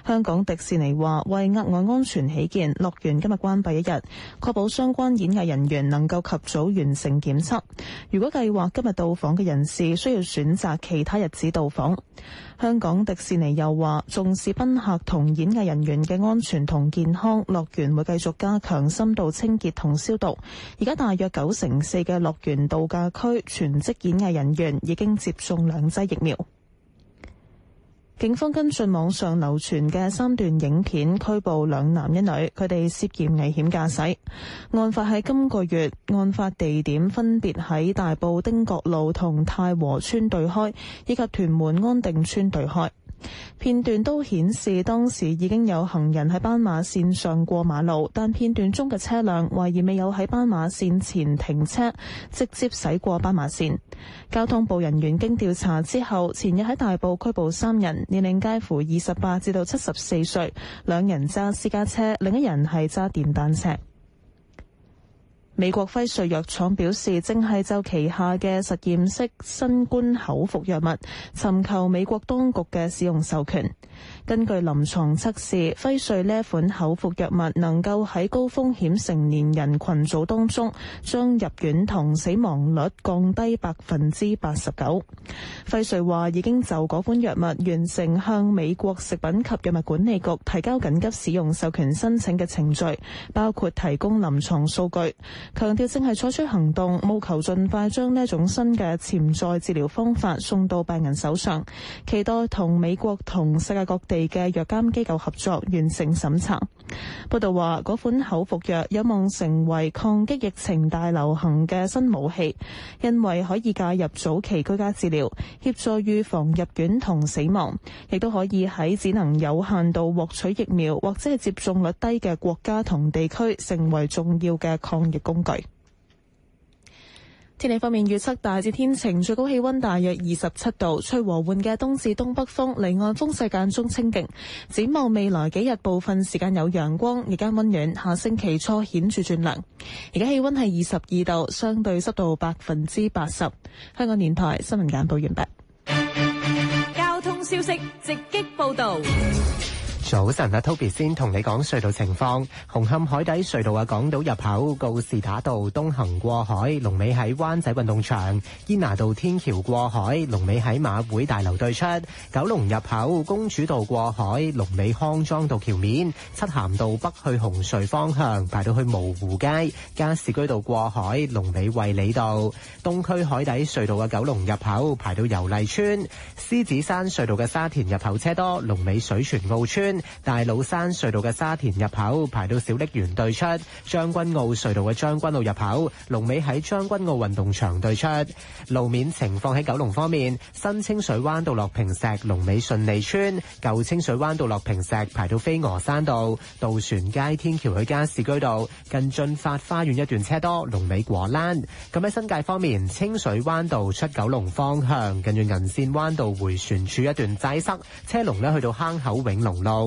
Speaker 13: 香港迪士尼話，為額外安全起見，樂園今日關閉一日，確保相關演藝人員能夠及早完成檢測。如果計劃今日到。訪嘅人士需要選擇其他日子到訪。香港迪士尼又話，重視賓客同演藝人員嘅安全同健康，樂園會繼續加強深度清潔同消毒。而家大約九成四嘅樂園度假區全職演藝人員已經接種兩劑疫苗。警方跟進網上流傳嘅三段影片，拘捕兩男一女，佢哋涉嫌危險駕駛。案發喺今個月，案發地點分別喺大埔汀角路同太和村對開，以及屯門安定村對開。片段都顯示當時已經有行人喺斑馬線上過馬路，但片段中嘅車輛懷疑未有喺斑馬線前停車，直接駛過斑馬線。交通部人員經調查之後，前日喺大埔拘捕三人，年齡介乎二十八至到七十四歲，兩人揸私家車，另一人係揸電單車。美國輝瑞藥廠表示，正係就旗下嘅實驗式新冠口服藥物，尋求美國當局嘅使用授權。根據臨床測試，輝瑞呢款口服藥物能夠喺高風險成年人群組當中將入院同死亡率降低百分之八十九。輝瑞話已經就嗰款藥物完成向美國食品及藥物管理局提交緊急使用授權申請嘅程序，包括提供臨床數據，強調正係採取行動，務求盡快將呢種新嘅潛在治療方法送到病人手上，期待同美國同世界各地嘅藥監機構合作完成審查。報道話，嗰款口服藥有望成為抗擊疫情大流行嘅新武器，因為可以介入早期居家治療，協助預防入院同死亡，亦都可以喺只能有限度獲取疫苗，或者係接種率低嘅國家同地區成為重要嘅抗疫工具。天氣方面預測大致天晴，最高氣溫大約二十七度，吹和緩嘅東至東北風，離岸風勢間中清勁。展望未來幾日，部分時間有陽光，而家溫暖。下星期初顯著轉涼。而家氣溫係二十二度，相對濕度百分之八十。香港電台新聞簡報完畢。
Speaker 5: 交通消息直擊報道。
Speaker 12: 早晨、啊，阿 Toby 先同你講隧道情況。紅磡海底隧道嘅、啊、港島入口告士打道東行過海，龍尾喺灣仔運動場；堅拿道天橋過海，龍尾喺馬會大樓對出。九龍入口公主道過海，龍尾康莊道橋面；漆咸道北去紅隧方向排到去蕪湖街；加士居道過海，龍尾衛理道。東區海底隧道嘅、啊、九龍入口排到油麗村；獅子山隧道嘅沙田入口車多，龍尾水泉澳村。大老山隧道嘅沙田入口排到小瀝源對出，將軍澳隧道嘅將軍澳入口，龍尾喺將軍澳運動場對出。路面情況喺九龍方面，新清水灣道落坪石，龍尾順利村；舊清水灣道落坪石排到飛鵝山道，渡船街天橋去加士居道近駿發花園一段車多，龍尾果欄。咁喺新界方面，清水灣道出九龍方向近住銀線灣道回旋處一段擠塞，車龍呢去到坑口永隆路。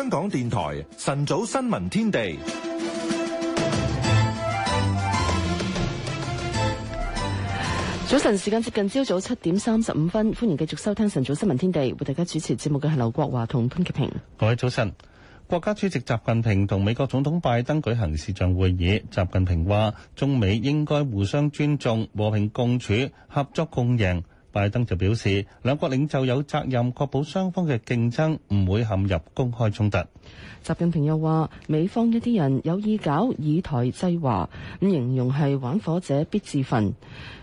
Speaker 1: 香港電台晨早新聞天地，
Speaker 3: 早晨時間接近朝早七點三十五分，歡迎繼續收聽晨早新聞天地，為大家主持節目嘅係劉國華同潘潔平。
Speaker 4: 各位早晨，國家主席習近平同美國總統拜登舉行視像會議，習近平話：中美應該互相尊重、和平共處、合作共贏。拜登就表示，兩國領袖有責任確保雙方嘅競爭唔會陷入公開衝突。
Speaker 3: 習近平又話美方一啲人有意搞以台制華，咁形容係玩火者必自焚。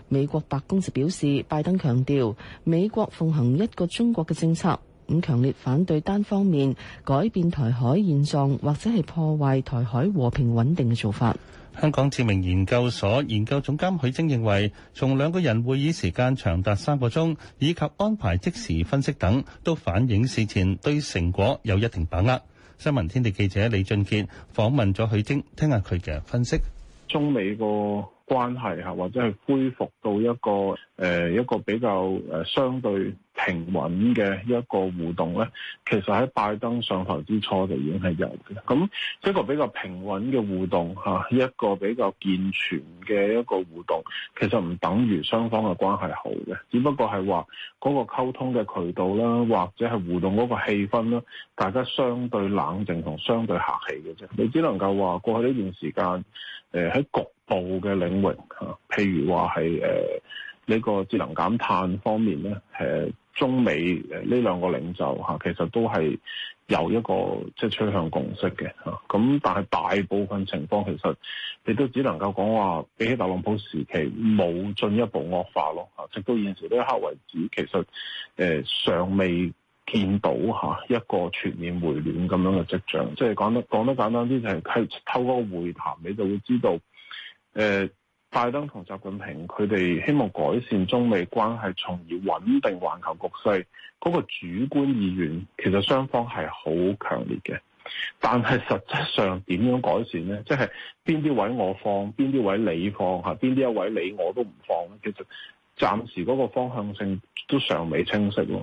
Speaker 3: 美國白宮就表示，拜登強調美國奉行一個中國嘅政策，咁強烈反對單方面改變台海現狀或者係破壞台海和平穩定嘅做法。
Speaker 4: 香港知名研究所研究總監許晶認為，從兩個人會議時間長達三個鐘，以及安排即時分析等，都反映事前對成果有一定把握。新聞天地記者李俊杰訪問咗許晶，聽下佢嘅分析。
Speaker 17: 中美個。關係嚇，或者係恢復到一個誒、呃、一個比較誒相對平穩嘅一個互動咧，其實喺拜登上台之初就已經係有嘅。咁一個比較平穩嘅互動嚇、啊，一個比較健全嘅一個互動，其實唔等於雙方嘅關係好嘅，只不過係話嗰個溝通嘅渠道啦，或者係互動嗰個氣氛啦，大家相對冷靜同相對客氣嘅啫。你只能夠話過去呢段時間誒喺局部嘅領域嚇、啊，譬如話係誒呢個智能減碳方面咧，誒、呃、中美誒呢兩個領袖吓、啊，其實都係有一個即係趨向共識嘅嚇。咁、啊、但係大部分情況，其實你都只能夠講話比起特朗普時期冇進一步惡化咯嚇、啊。直到現時呢一刻為止，其實誒、呃、尚未見到吓、啊、一個全面回暖咁樣嘅跡象。即係講得講得簡單啲，就係、是、係透過會談你就會知道。誒、呃，拜登同習近平佢哋希望改善中美關係，從而穩定環球局勢，嗰、嗰個主觀意願其實雙方係好強烈嘅。但係實質上點樣改善呢？即係邊啲位我放，邊啲位你放，吓邊啲一位你我都唔放，其實。暫時嗰個方向性都尚未清晰喎。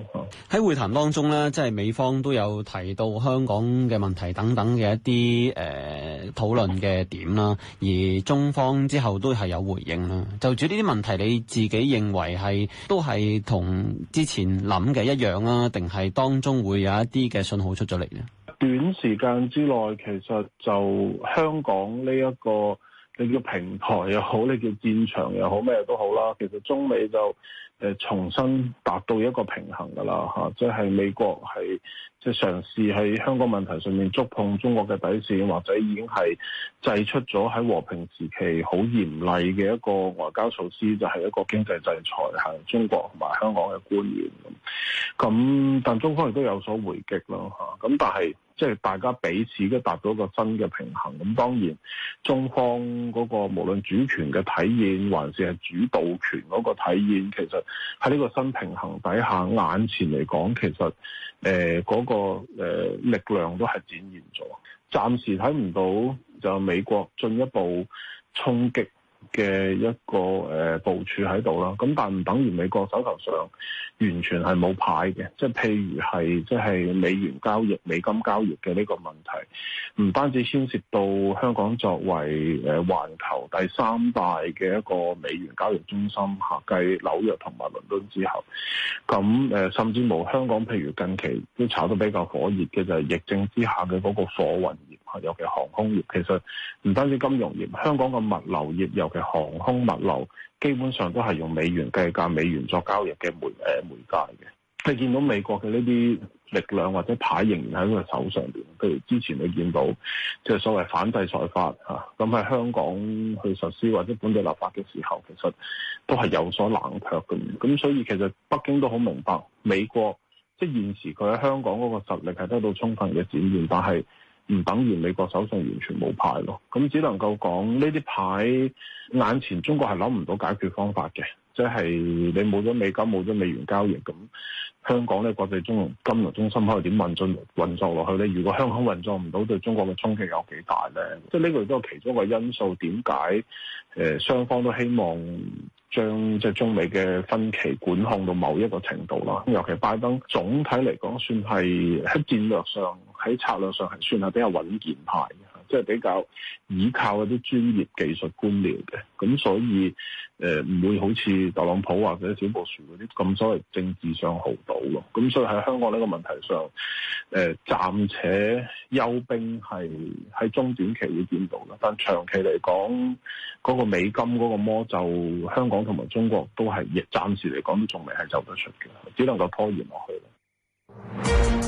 Speaker 7: 喺會談當中咧，即係美方都有提到香港嘅問題等等嘅一啲誒、呃、討論嘅點啦，而中方之後都係有回應啦。就住呢啲問題，你自己認為係都係同之前諗嘅一樣啦，定係當中會有一啲嘅信號出咗嚟呢？
Speaker 17: 短時間之內其實就香港呢、這、一個。你叫平台又好，你叫戰場又好，咩都好啦。其實中美就誒重新達到一個平衡噶啦，嚇，即係美國係即係嘗試喺香港問題上面觸碰中國嘅底線，或者已經係祭出咗喺和平時期好嚴厲嘅一個外交措施，就係一個經濟制裁，係中國同埋香港嘅官員咁。但中方亦都有所回擊咯，嚇。咁但係。即係大家彼此都達到一個新嘅平衡，咁當然中方嗰個無論主權嘅體現，還是係主導權嗰個體現，其實喺呢個新平衡底下，眼前嚟講，其實誒嗰個誒力量都係展現咗。暫時睇唔到就美國進一步衝擊嘅一個誒部署喺度啦，咁但唔等於美國手頭上完全係冇牌嘅，即係譬如係即係美元交易、美金交易嘅呢個問題，唔單止牽涉到香港作為誒環球第三大嘅一個美元交易中心，客繼紐約同埋倫敦之後，咁誒甚至冇香港，譬如近期都炒得比較火熱嘅就係疫症之下嘅嗰個貨運業。尤其航空業，其實唔單止金融業，香港嘅物流業，尤其航空物流，基本上都係用美元計價、美元作交易嘅媒誒媒介嘅。你見到美國嘅呢啲力量或者牌仍然喺佢手上邊，譬如之前你見到即係、就是、所謂反制裁法啊，咁喺香港去實施或者本地立法嘅時候，其實都係有所冷卻嘅。咁所以其實北京都好明白，美國即係現時佢喺香港嗰個實力係得到充分嘅展現，但係，唔等於美國手上完全冇牌咯，咁只能夠講呢啲牌眼前中國係諗唔到解決方法嘅，即係你冇咗美金、冇咗美元交易，咁香港咧國際金融金融中心可以點運進運作落去呢？如果香港運作唔到，對中國嘅衝擊有幾大呢？即係呢個都係其中一個因素，點解誒雙方都希望將即係中美嘅分歧管控到某一個程度啦，尤其拜登總體嚟講算係喺戰略上、喺策略上係算係比較穩健派的。即係比較依靠嗰啲專業技術官僚嘅，咁所以誒唔、呃、會好似特朗普或者小布殊嗰啲咁所謂政治上豪賭咯。咁所以喺香港呢個問題上，誒、呃、暫且休兵係喺中短期會見到啦。但長期嚟講，嗰、那個美金嗰個魔咒，香港同埋中國都係亦暫時嚟講都仲未係走得出嘅，只能夠拖延落去。 (music)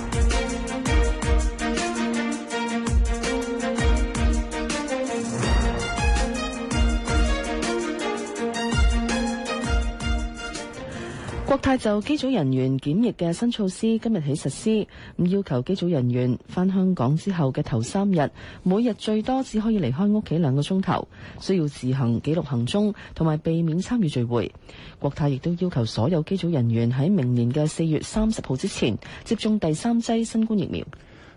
Speaker 3: 國泰就機組人員檢疫嘅新措施，今日起實施，咁要求機組人員返香港之後嘅頭三日，每日最多只可以離開屋企兩個鐘頭，需要自行記錄行蹤，同埋避免參與聚會。國泰亦都要求所有機組人員喺明年嘅四月三十號之前接種第三劑新冠疫苗。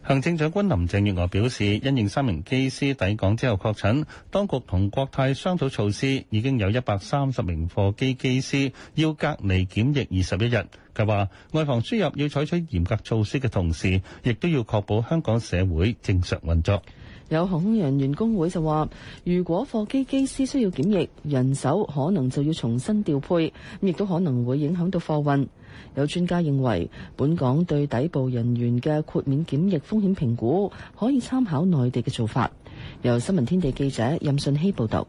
Speaker 4: 行政長官林鄭月娥表示，因應三名機師抵港之後確診，當局同國泰商討措施，已經有一百三十名貨機機師要隔離檢疫二十一日。佢話，外防輸入要採取嚴格措施嘅同時，亦都要確保香港社會正常運作。
Speaker 3: 有航空人員工會就話，如果貨機機師需要檢疫，人手可能就要重新調配，亦都可能會影響到貨運。有專家認為，本港對抵埗人員嘅豁免檢疫風險評估可以參考內地嘅做法。由新聞天地記者任信希報導。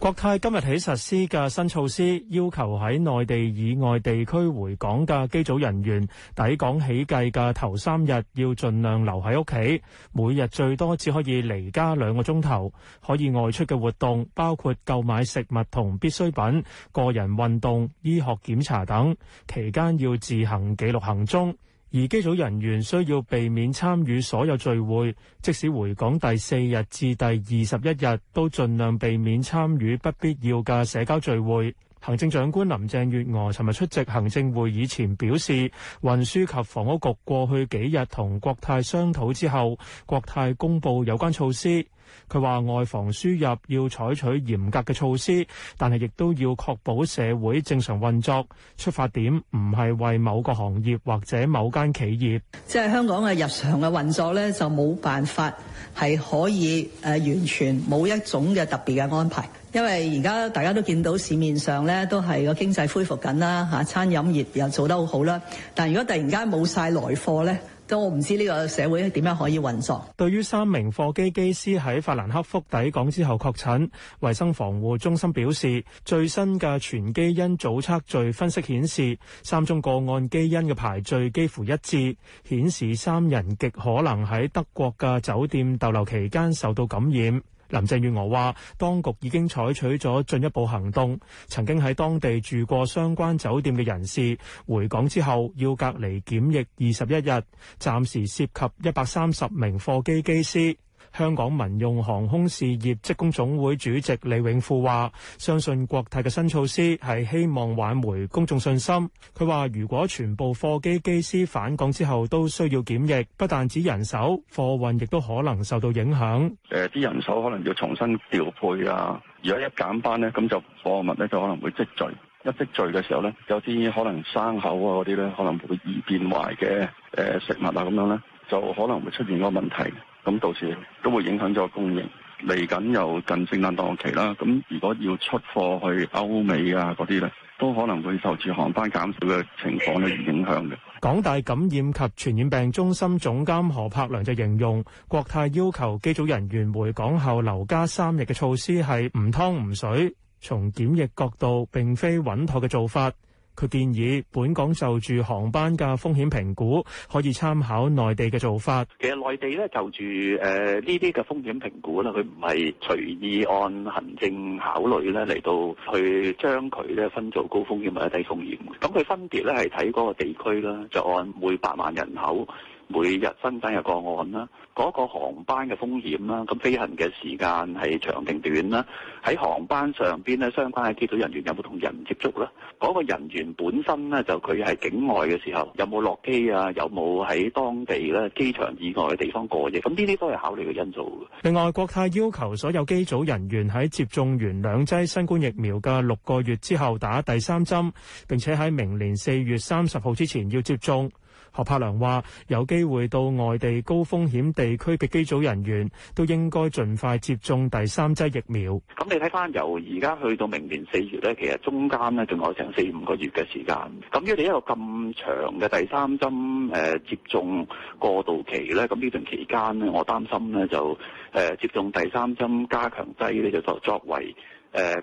Speaker 18: 國泰今日起實施嘅新措施，要求喺內地以外地區回港嘅機組人員抵港起計嘅頭三日要盡量留喺屋企，每日最多只可以離家兩個鐘頭，可以外出嘅活動包括購買食物同必需品、個人運動、醫學檢查等，期間要自行記錄行蹤。而機組人員需要避免參與所有聚會，即使回港第四日至第二十一日，都盡量避免參與不必要嘅社交聚會。行政長官林鄭月娥尋日出席行政會議前表示，運輸及房屋局過去幾日同國泰商討之後，國泰公布有關措施。佢話外防輸入要採取嚴格嘅措施，但係亦都要確保社會正常運作。出發點唔係為某個行業或者某間企業，
Speaker 2: 即係香港嘅日
Speaker 18: 常嘅
Speaker 3: 運作呢，就冇辦法係可以誒完全冇一種嘅特別嘅安排。因為而家大家都見到市面上咧都係個經濟恢復緊啦，嚇餐飲業又做得好好啦。但如果突然間冇晒來貨咧，都我唔知呢個社會係點樣可以運作。
Speaker 18: 對於三名貨機機師喺法蘭克福抵港之後確診，衞生防護中心表示，最新嘅全基因組測序分析顯示，三宗個案基因嘅排序幾乎一致，顯示三人極可能喺德國嘅酒店逗留期間受到感染。林鄭月娥話，當局已經採取咗進一步行動，曾經喺當地住過相關酒店嘅人士，回港之後要隔離檢疫二十一日，暫時涉及一百三十名貨機機師。香港民用航空事業職工總會主席李永富話，相信國泰嘅新措施係希望挽回公眾信心。佢話，如果全部貨機機師返港之後都需要檢疫，不但止人手，貨運亦都可能受到影響，
Speaker 15: 誒啲、呃、人手可能要重新調配啊。如果一減班咧，咁就貨物咧就可能會積聚。一積聚嘅時候咧，有啲可能生口啊嗰啲咧，可能會易變壞嘅誒食物啊咁樣咧，就可能會出現一個問題。咁到時都會影響咗供應，嚟緊又近聖誕檔期啦。咁如果要出貨去歐美啊嗰啲咧，都可能會受住航班
Speaker 16: 減少嘅情況咧而影響嘅。
Speaker 18: 港大感染及傳染病中心總監何柏良就形容，國泰要求機組人員回港後留家三日嘅措施係唔湯唔水，從檢疫角度並非穩妥嘅做法。佢建議本港就住航班嘅風險評估，可以參考內地嘅做法。
Speaker 15: 其實內地咧就住誒、呃、呢啲嘅風險評估啦，佢唔係隨意按行政考慮咧嚟到去將佢咧分做高風險或者低風險。咁、嗯、佢分別咧係睇嗰個地區啦，就按每百萬人口。每日新增嘅個案啦，嗰個航班嘅風險啦，咁飛行嘅時間係長定短啦，喺航班上邊呢，相關嘅機組人員有冇同人接觸呢？嗰個人員本身呢，就佢係境外嘅時候，有冇落機啊？有冇喺當地呢，機場以外嘅地方過夜？咁呢啲都係考慮嘅因素。
Speaker 18: 另外，國泰要求所有機組人員喺接種完兩劑新冠疫苗嘅六個月之後打第三針，並且喺明年四月三十號之前要接種。何柏良話：有機會到外地高風險地區嘅機組人員，都應該盡快接種第三劑疫苗。
Speaker 15: 咁你睇翻由而家去到明年四月咧，其實中間咧仲有成四五個月嘅時間。咁於你一個咁長嘅第三針誒、呃、接種過渡期咧，咁呢段期間咧，我擔心咧就誒、呃、接種第三針加強劑呢，就作為誒減、呃、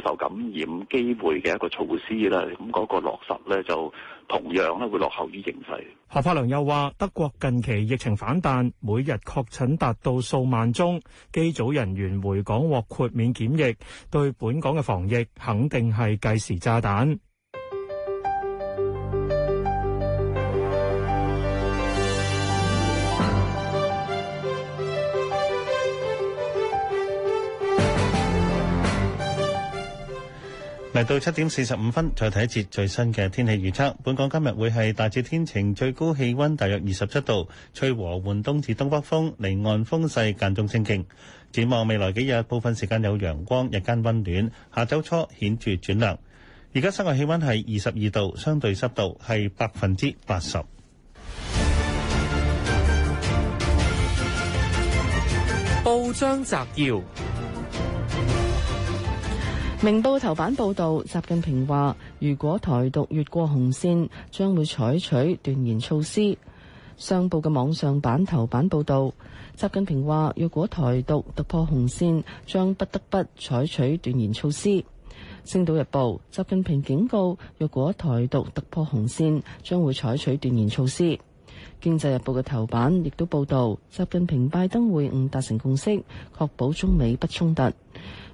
Speaker 15: 少受感染機會嘅一個措施啦。咁、那、嗰個落實咧就。同樣咧會落後於形勢。
Speaker 18: 何柏良又話，德國近期疫情反彈，每日確診達到數萬宗，機組人員回港獲豁免檢疫，對本港嘅防疫肯定係計時炸彈。
Speaker 4: 嚟到七點四十五分，再睇一節最新嘅天氣預測。本港今日會係大致天晴，最高氣溫大約二十七度，吹和緩東至東北風，離岸風勢間中清勁。展望未來幾日，部分時間有陽光，日間溫暖。下周初顯著轉涼。而家室外氣溫係二十二度，相對濕度係百分之八十。報章摘要。
Speaker 3: 明報頭版報道，習近平話：如果台獨越過紅線，將會採取斷然措施。上報嘅網上版頭版報道，習近平話：若果台獨突破紅線，將不得不採取斷然措施。星島日報，習近平警告：若果台獨突破紅線，將會採取斷然措施。經濟日報嘅頭版亦都報道，習近平拜登會晤達成共識，確保中美不衝突。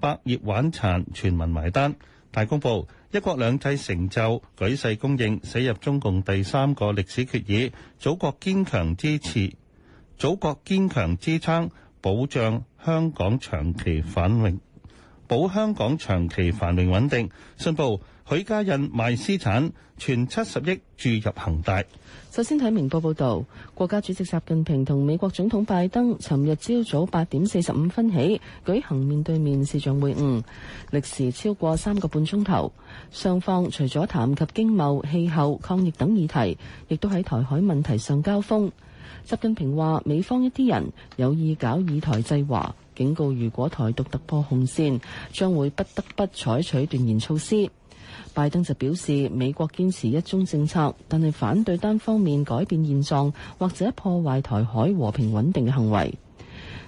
Speaker 4: 百業玩殘，全民埋單。大公報：一國兩制成就舉世公認，寫入中共第三個歷史決議。祖國堅強支持，祖國堅強支撐，保障香港長期繁榮，保香港長期繁榮穩定。信報。許家印賣私產，全七十億注入恒大。
Speaker 3: 首先睇明報報道，國家主席習近平同美國總統拜登尋日朝早八點四十五分起舉行面對面視像會晤，歷時超過三個半鐘頭。雙方除咗談及經貿、氣候、抗疫等議題，亦都喺台海問題上交鋒。習近平話：美方一啲人有意搞以台制華，警告如果台獨突破紅線，將會不得不採取斷然措施。拜登就表示，美國堅持一中政策，但係反對單方面改變現狀或者破壞台海和平穩定嘅行為。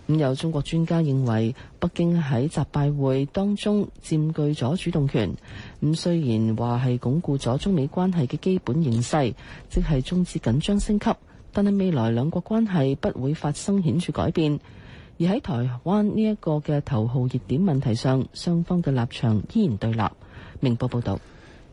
Speaker 3: 咁、嗯、有中國專家認為北京喺習拜會當中佔據咗主動權，咁、嗯、雖然話係鞏固咗中美關係嘅基本形勢，即係中止緊張升級，但係未來兩國關係不會發生顯著改變。而喺台灣呢一個嘅頭號熱點問題上，雙方嘅立場依然對立。明報報道。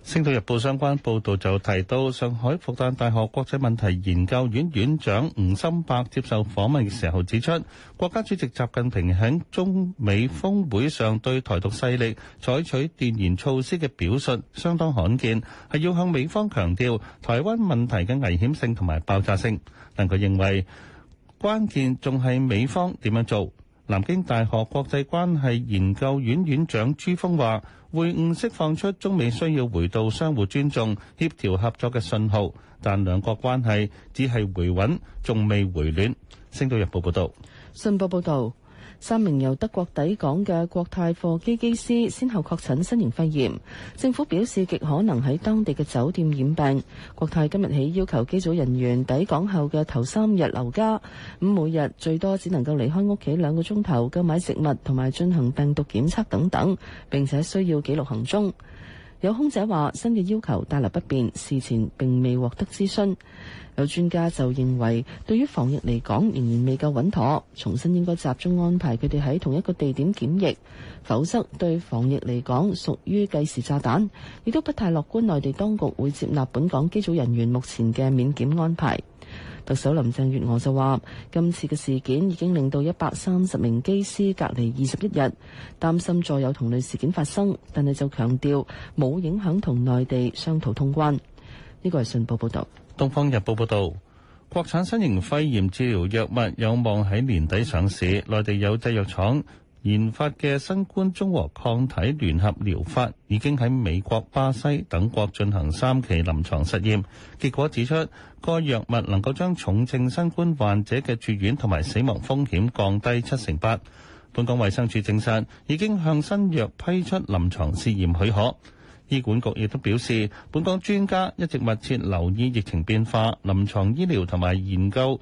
Speaker 4: 《星島日報》相關報道就提到，上海復旦大學國際問題研究院院長吳心伯接受訪問嘅時候指出，國家主席習近平喺中美峰會上對台獨勢力採取斷然措施嘅表述相當罕見，係要向美方強調台灣問題嘅危險性同埋爆炸性。但佢認為關鍵仲係美方點樣做。南京大學國際關係研究院院長朱峰話，會晤釋放出中美需要回到相互尊重、協調合作嘅信號，但兩國關係只係回穩，仲未回暖。星島日報報道。
Speaker 3: 信報報導。三名由德國抵港嘅國泰貨機機師先後確診新型肺炎，政府表示極可能喺當地嘅酒店染病。國泰今日起要求機組人員抵港後嘅頭三日留家，咁每日最多只能夠離開屋企兩個鐘頭，購買食物同埋進行病毒檢測等等，並且需要記錄行蹤。有空姐話新嘅要求帶嚟不便，事前並未獲得諮詢。有專家就認為，對於防疫嚟講仍然未夠穩妥，重新應該集中安排佢哋喺同一個地點檢疫，否則對防疫嚟講屬於計時炸彈，亦都不太樂觀。內地當局會接納本港機組人員目前嘅免檢安排。特首林鄭月娥就話，今次嘅事件已經令到一百三十名機師隔離二十一日，擔心再有同類事件發生，但係就強調冇影響同內地商討通關。呢個係信報報道，
Speaker 4: 《東方日報》報道，國產新型肺炎治療藥物有望喺年底上市，內地有製藥廠。研發嘅新冠中和抗體聯合療法已經喺美國、巴西等國進行三期臨床實驗，結果指出，該藥物能夠將重症新冠患者嘅住院同埋死亡風險降低七成八。本港衛生署證實已經向新藥批出臨床試驗許可，醫管局亦都表示，本港專家一直密切留意疫情變化、臨床醫療同埋研究。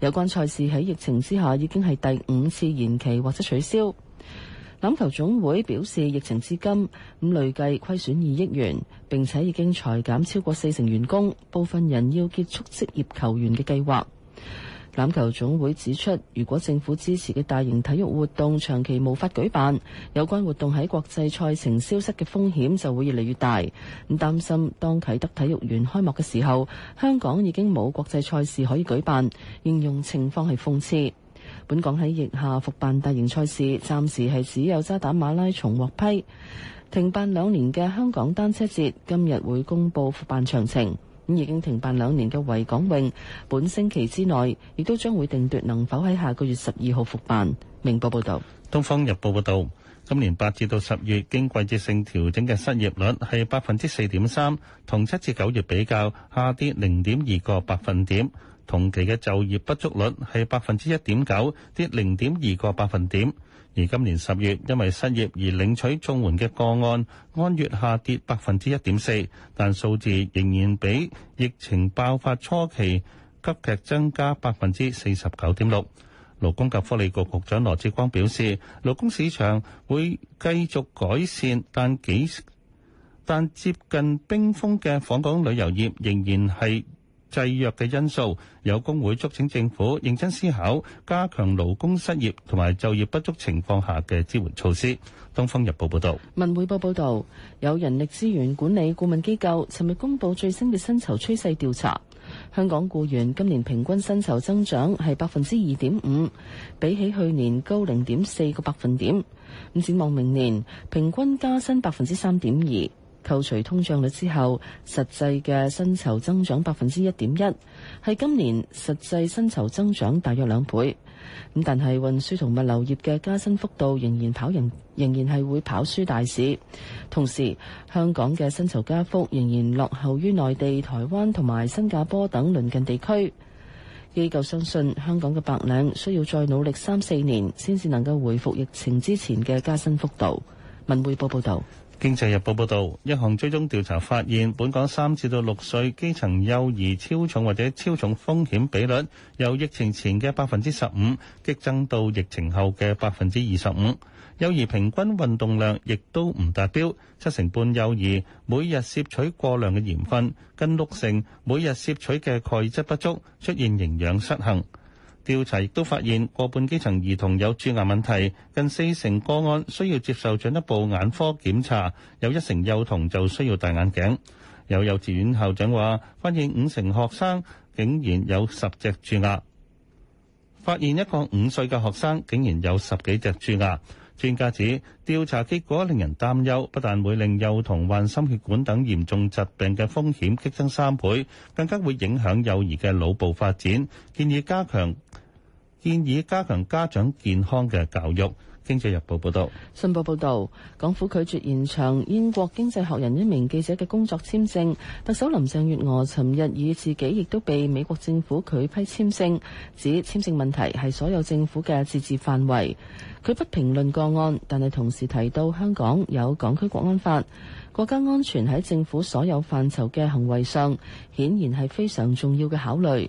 Speaker 3: 有關賽事喺疫情之下已經係第五次延期或者取消。欖球總會表示，疫情至今咁累計虧損二億元，並且已經裁減超過四成員工，部分人要結束職業球員嘅計劃。欖球總會指出，如果政府支持嘅大型體育活動長期無法舉辦，有關活動喺國際賽程消失嘅風險就會越嚟越大。咁擔心當啟德體育園開幕嘅時候，香港已經冇國際賽事可以舉辦，形容情況係諷刺。本港喺疫下復辦大型賽事，暫時係只有渣打馬拉松獲批。停辦兩年嘅香港單車節今日會公布復辦詳情。咁已經停辦兩年嘅維港泳，本星期之內亦都將會定奪能否喺下個月十二號復辦。明報報道，
Speaker 4: 《東方日報》報道，今年八至到十月經季節性調整嘅失業率係百分之四點三，同七至九月比較下跌零點二個百分點。同期嘅就業不足率係百分之一點九，跌零點二個百分點。而今年十月，因為失業而領取綜援嘅個案按月下跌百分之一點四，但數字仍然比疫情爆發初期急劇增加百分之四十九點六。勞工及福利局局長羅志光表示，勞工市場會繼續改善，但幾但接近冰封嘅訪港旅遊業仍然係。制約嘅因素，有工會促請政府認真思考加強勞工失業同埋就業不足情況下嘅支援措施。東方日報報道，
Speaker 3: 文匯報報道，有人力資源管理顧問機構尋日公布最新嘅薪酬趨勢調查，香港雇員今年平均薪酬增長係百分之二點五，比起去年高零點四個百分點，咁展望明年平均加薪百分之三點二。扣除通脹率之後，實際嘅薪酬增長百分之一點一，係今年實際薪酬增長大約兩倍。咁但係運輸同物流業嘅加薪幅度仍然跑贏，仍然係會跑輸大市。同時，香港嘅薪酬加幅仍然落後於內地、台灣同埋新加坡等鄰近地區。機構相信香港嘅白領需要再努力三四年，先至能夠回復疫情之前嘅加薪幅度。文匯報報道。
Speaker 4: 經濟日報報導，一項追蹤調查發現，本港三至到六歲基層幼兒超重或者超重風險比率由疫情前嘅百分之十五激增到疫情後嘅百分之二十五。幼兒平均運動量亦都唔達標，七成半幼兒每日攝取過量嘅鹽分，近六成每日攝取嘅鈣質不足，出現營養失衡。調查亦都發現，過半基層兒童有蛀牙問題，近四成個案需要接受進一步眼科檢查，有一成幼童就需要戴眼鏡。有幼稚園校長話，發現五成學生竟然有十隻蛀牙。發現一個五歲嘅學生竟然有十幾隻蛀牙。專家指調查結果令人擔憂，不但會令幼童患心血管等嚴重疾病嘅風險激增三倍，更加會影響幼兒嘅腦部發展。建議加強建議加強家長健康嘅教育。《經濟日報》報道，
Speaker 3: 信報報導，港府拒絕延長英國經濟學人一名記者嘅工作簽證。特首林鄭月娥尋日以自己亦都被美國政府拒批簽證，指簽證問題係所有政府嘅自治範圍。佢不評論個案，但係同時提到香港有港區國安法，國家安全喺政府所有範疇嘅行為上，顯然係非常重要嘅考慮。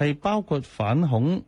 Speaker 4: 係包括反恐、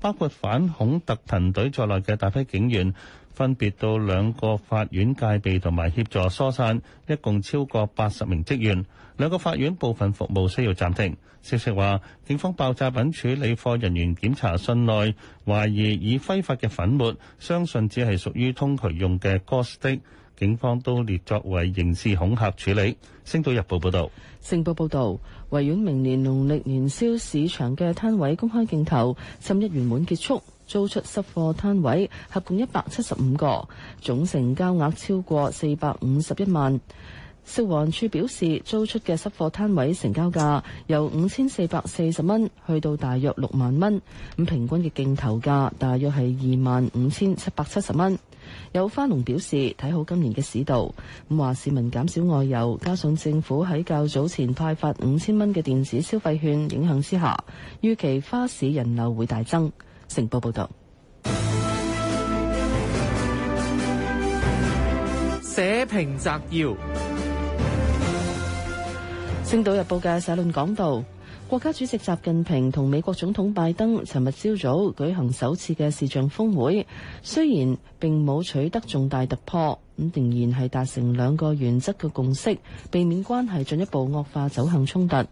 Speaker 4: 包括反恐特勤隊在內嘅大批警員，分別到兩個法院戒備同埋協助疏散，一共超過八十名職員。兩個法院部分服務需要暫停。消息話，警方爆炸品處理課人員檢查信內，懷疑以非法嘅粉末，相信只係屬於通渠用嘅哥士的，警方都列作為刑事恐嚇處理。星島日報報道。
Speaker 3: 星報報導。維園明年農曆年宵市場嘅攤位公開競投，十一月滿結束租出濕貨攤位，合共一百七十五個，總成交額超過四百五十一萬。食環署表示，租出嘅濕貨攤位成交價由五千四百四十蚊去到大約六萬蚊，咁平均嘅競投價大約係二萬五千七百七十蚊。有花農表示睇好今年嘅市道，咁話市民減少外遊，加上政府喺較早前派發五千蚊嘅電子消費券影響之下，預期花市人流會大增。成報報道。社評摘要。《星島日報》嘅社論講道：國家主席習近平同美國總統拜登尋日朝早舉行首次嘅視像峰會，雖然並冇取得重大突破。定然係達成兩個原則嘅共識，避免關係進一步惡化，走向衝突。咁，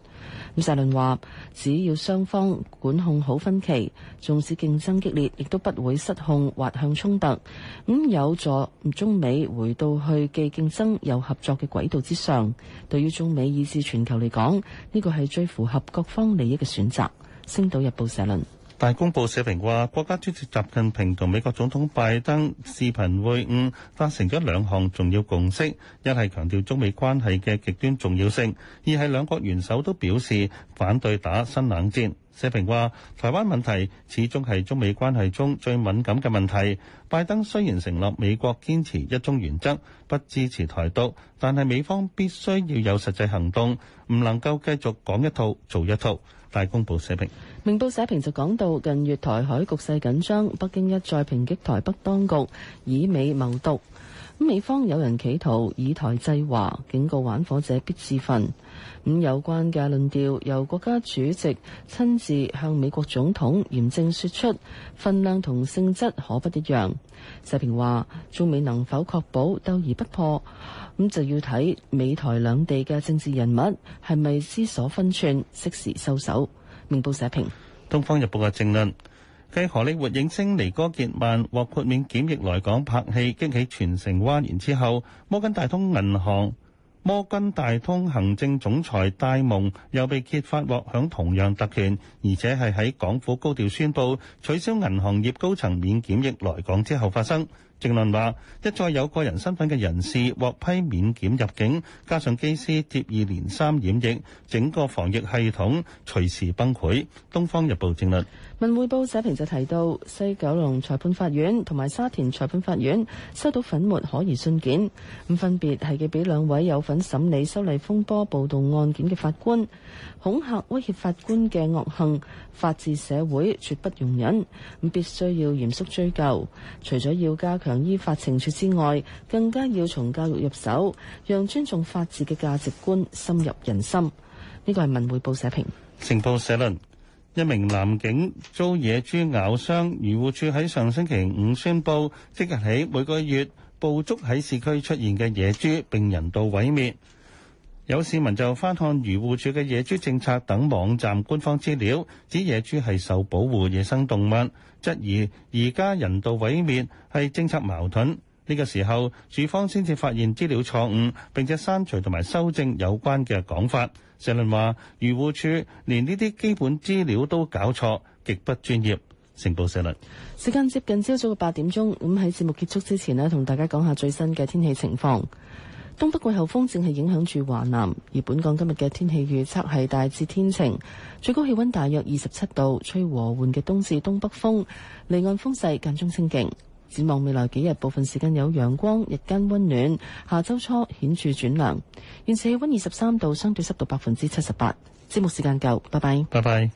Speaker 3: 社論話：只要雙方管控好分歧，縱使競爭激烈，亦都不會失控滑向衝突。咁、嗯、有助中美回到去既競爭又合作嘅軌道之上。對於中美以至全球嚟講，呢、這個係最符合各方利益嘅選擇。《星島日報》社論。
Speaker 4: 大公報社評話，國家主席習近平同美國總統拜登視頻會晤，達成咗兩項重要共識，一係強調中美關係嘅極端重要性；二係兩國元首都表示反對打新冷戰。社評話，台灣問題始終係中美關係中最敏感嘅問題，拜登雖然承諾美國堅持一中原則，不支持台獨，但係美方必須要有實際行動，唔能夠繼續講一套做一套。大公報社評，
Speaker 3: 明報社評就講到，近月台海局勢緊張，北京一再抨擊台北當局以美謀獨，美方有人企圖以台制華，警告玩火者必自焚。咁、嗯、有關嘅論調由國家主席親自向美國總統嚴正説出，份量同性質可不一樣。社評話：中美能否確保鬥而不破？咁、嗯、就要睇美台兩地嘅政治人物係咪知所分寸，適時收手。明報社評，
Speaker 4: 《東方日報》嘅政論，繼荷里活影星尼哥傑曼獲豁免檢疫來港拍戲，驚起全城嘩然之後，摩根大通銀行。摩根大通行政總裁戴蒙又被揭發獲享同樣特權，而且係喺港府高調宣布取消銀行業高層免檢疫來港之後發生。政論話，一再有個人身份嘅人士獲批免檢入境，加上機師接二連三染疫，整個防疫系統隨時崩潰。《東方日報》政論，
Speaker 3: 文匯報社評就提到，西九龍裁判法院同埋沙田裁判法院收到粉末可疑信件，咁分別係寄俾兩位有份審理修例風波暴動案件嘅法官。恐嚇威脅法官嘅惡行，法治社會絕不容忍，必須要嚴肅追究。除咗要加強依法懲處之外，更加要從教育入手，讓尊重法治嘅價值觀深入人心。呢、這個係文匯報社評。
Speaker 4: 晨報社論：一名男警遭野豬咬傷，漁護處喺上星期五宣佈，即日起每個月捕捉喺市區出現嘅野豬，並人道毀滅。有市民就翻看漁護署嘅野豬政策等網站官方資料，指野豬係受保護野生動物，質疑而家人道毀滅係政策矛盾。呢個時候署方先至發現資料錯誤，並且刪除同埋修正有關嘅講法。社論話漁護署連呢啲基本資料都搞錯，極不專業。成報社論
Speaker 3: 時間接近朝早嘅八點鐘，咁喺節目結束之前呢，同大家講下最新嘅天氣情況。東北季候風正係影響住華南，而本港今日嘅天氣預測係大致天晴，最高氣溫大約二十七度，吹和緩嘅東至東北風，離岸風勢間中清勁。展望未來幾日，部分時間有陽光，日間溫暖，下週初顯著轉涼。現時氣溫二十三度，相對濕度百分之七十八。節目時間夠，拜拜，
Speaker 4: 拜拜。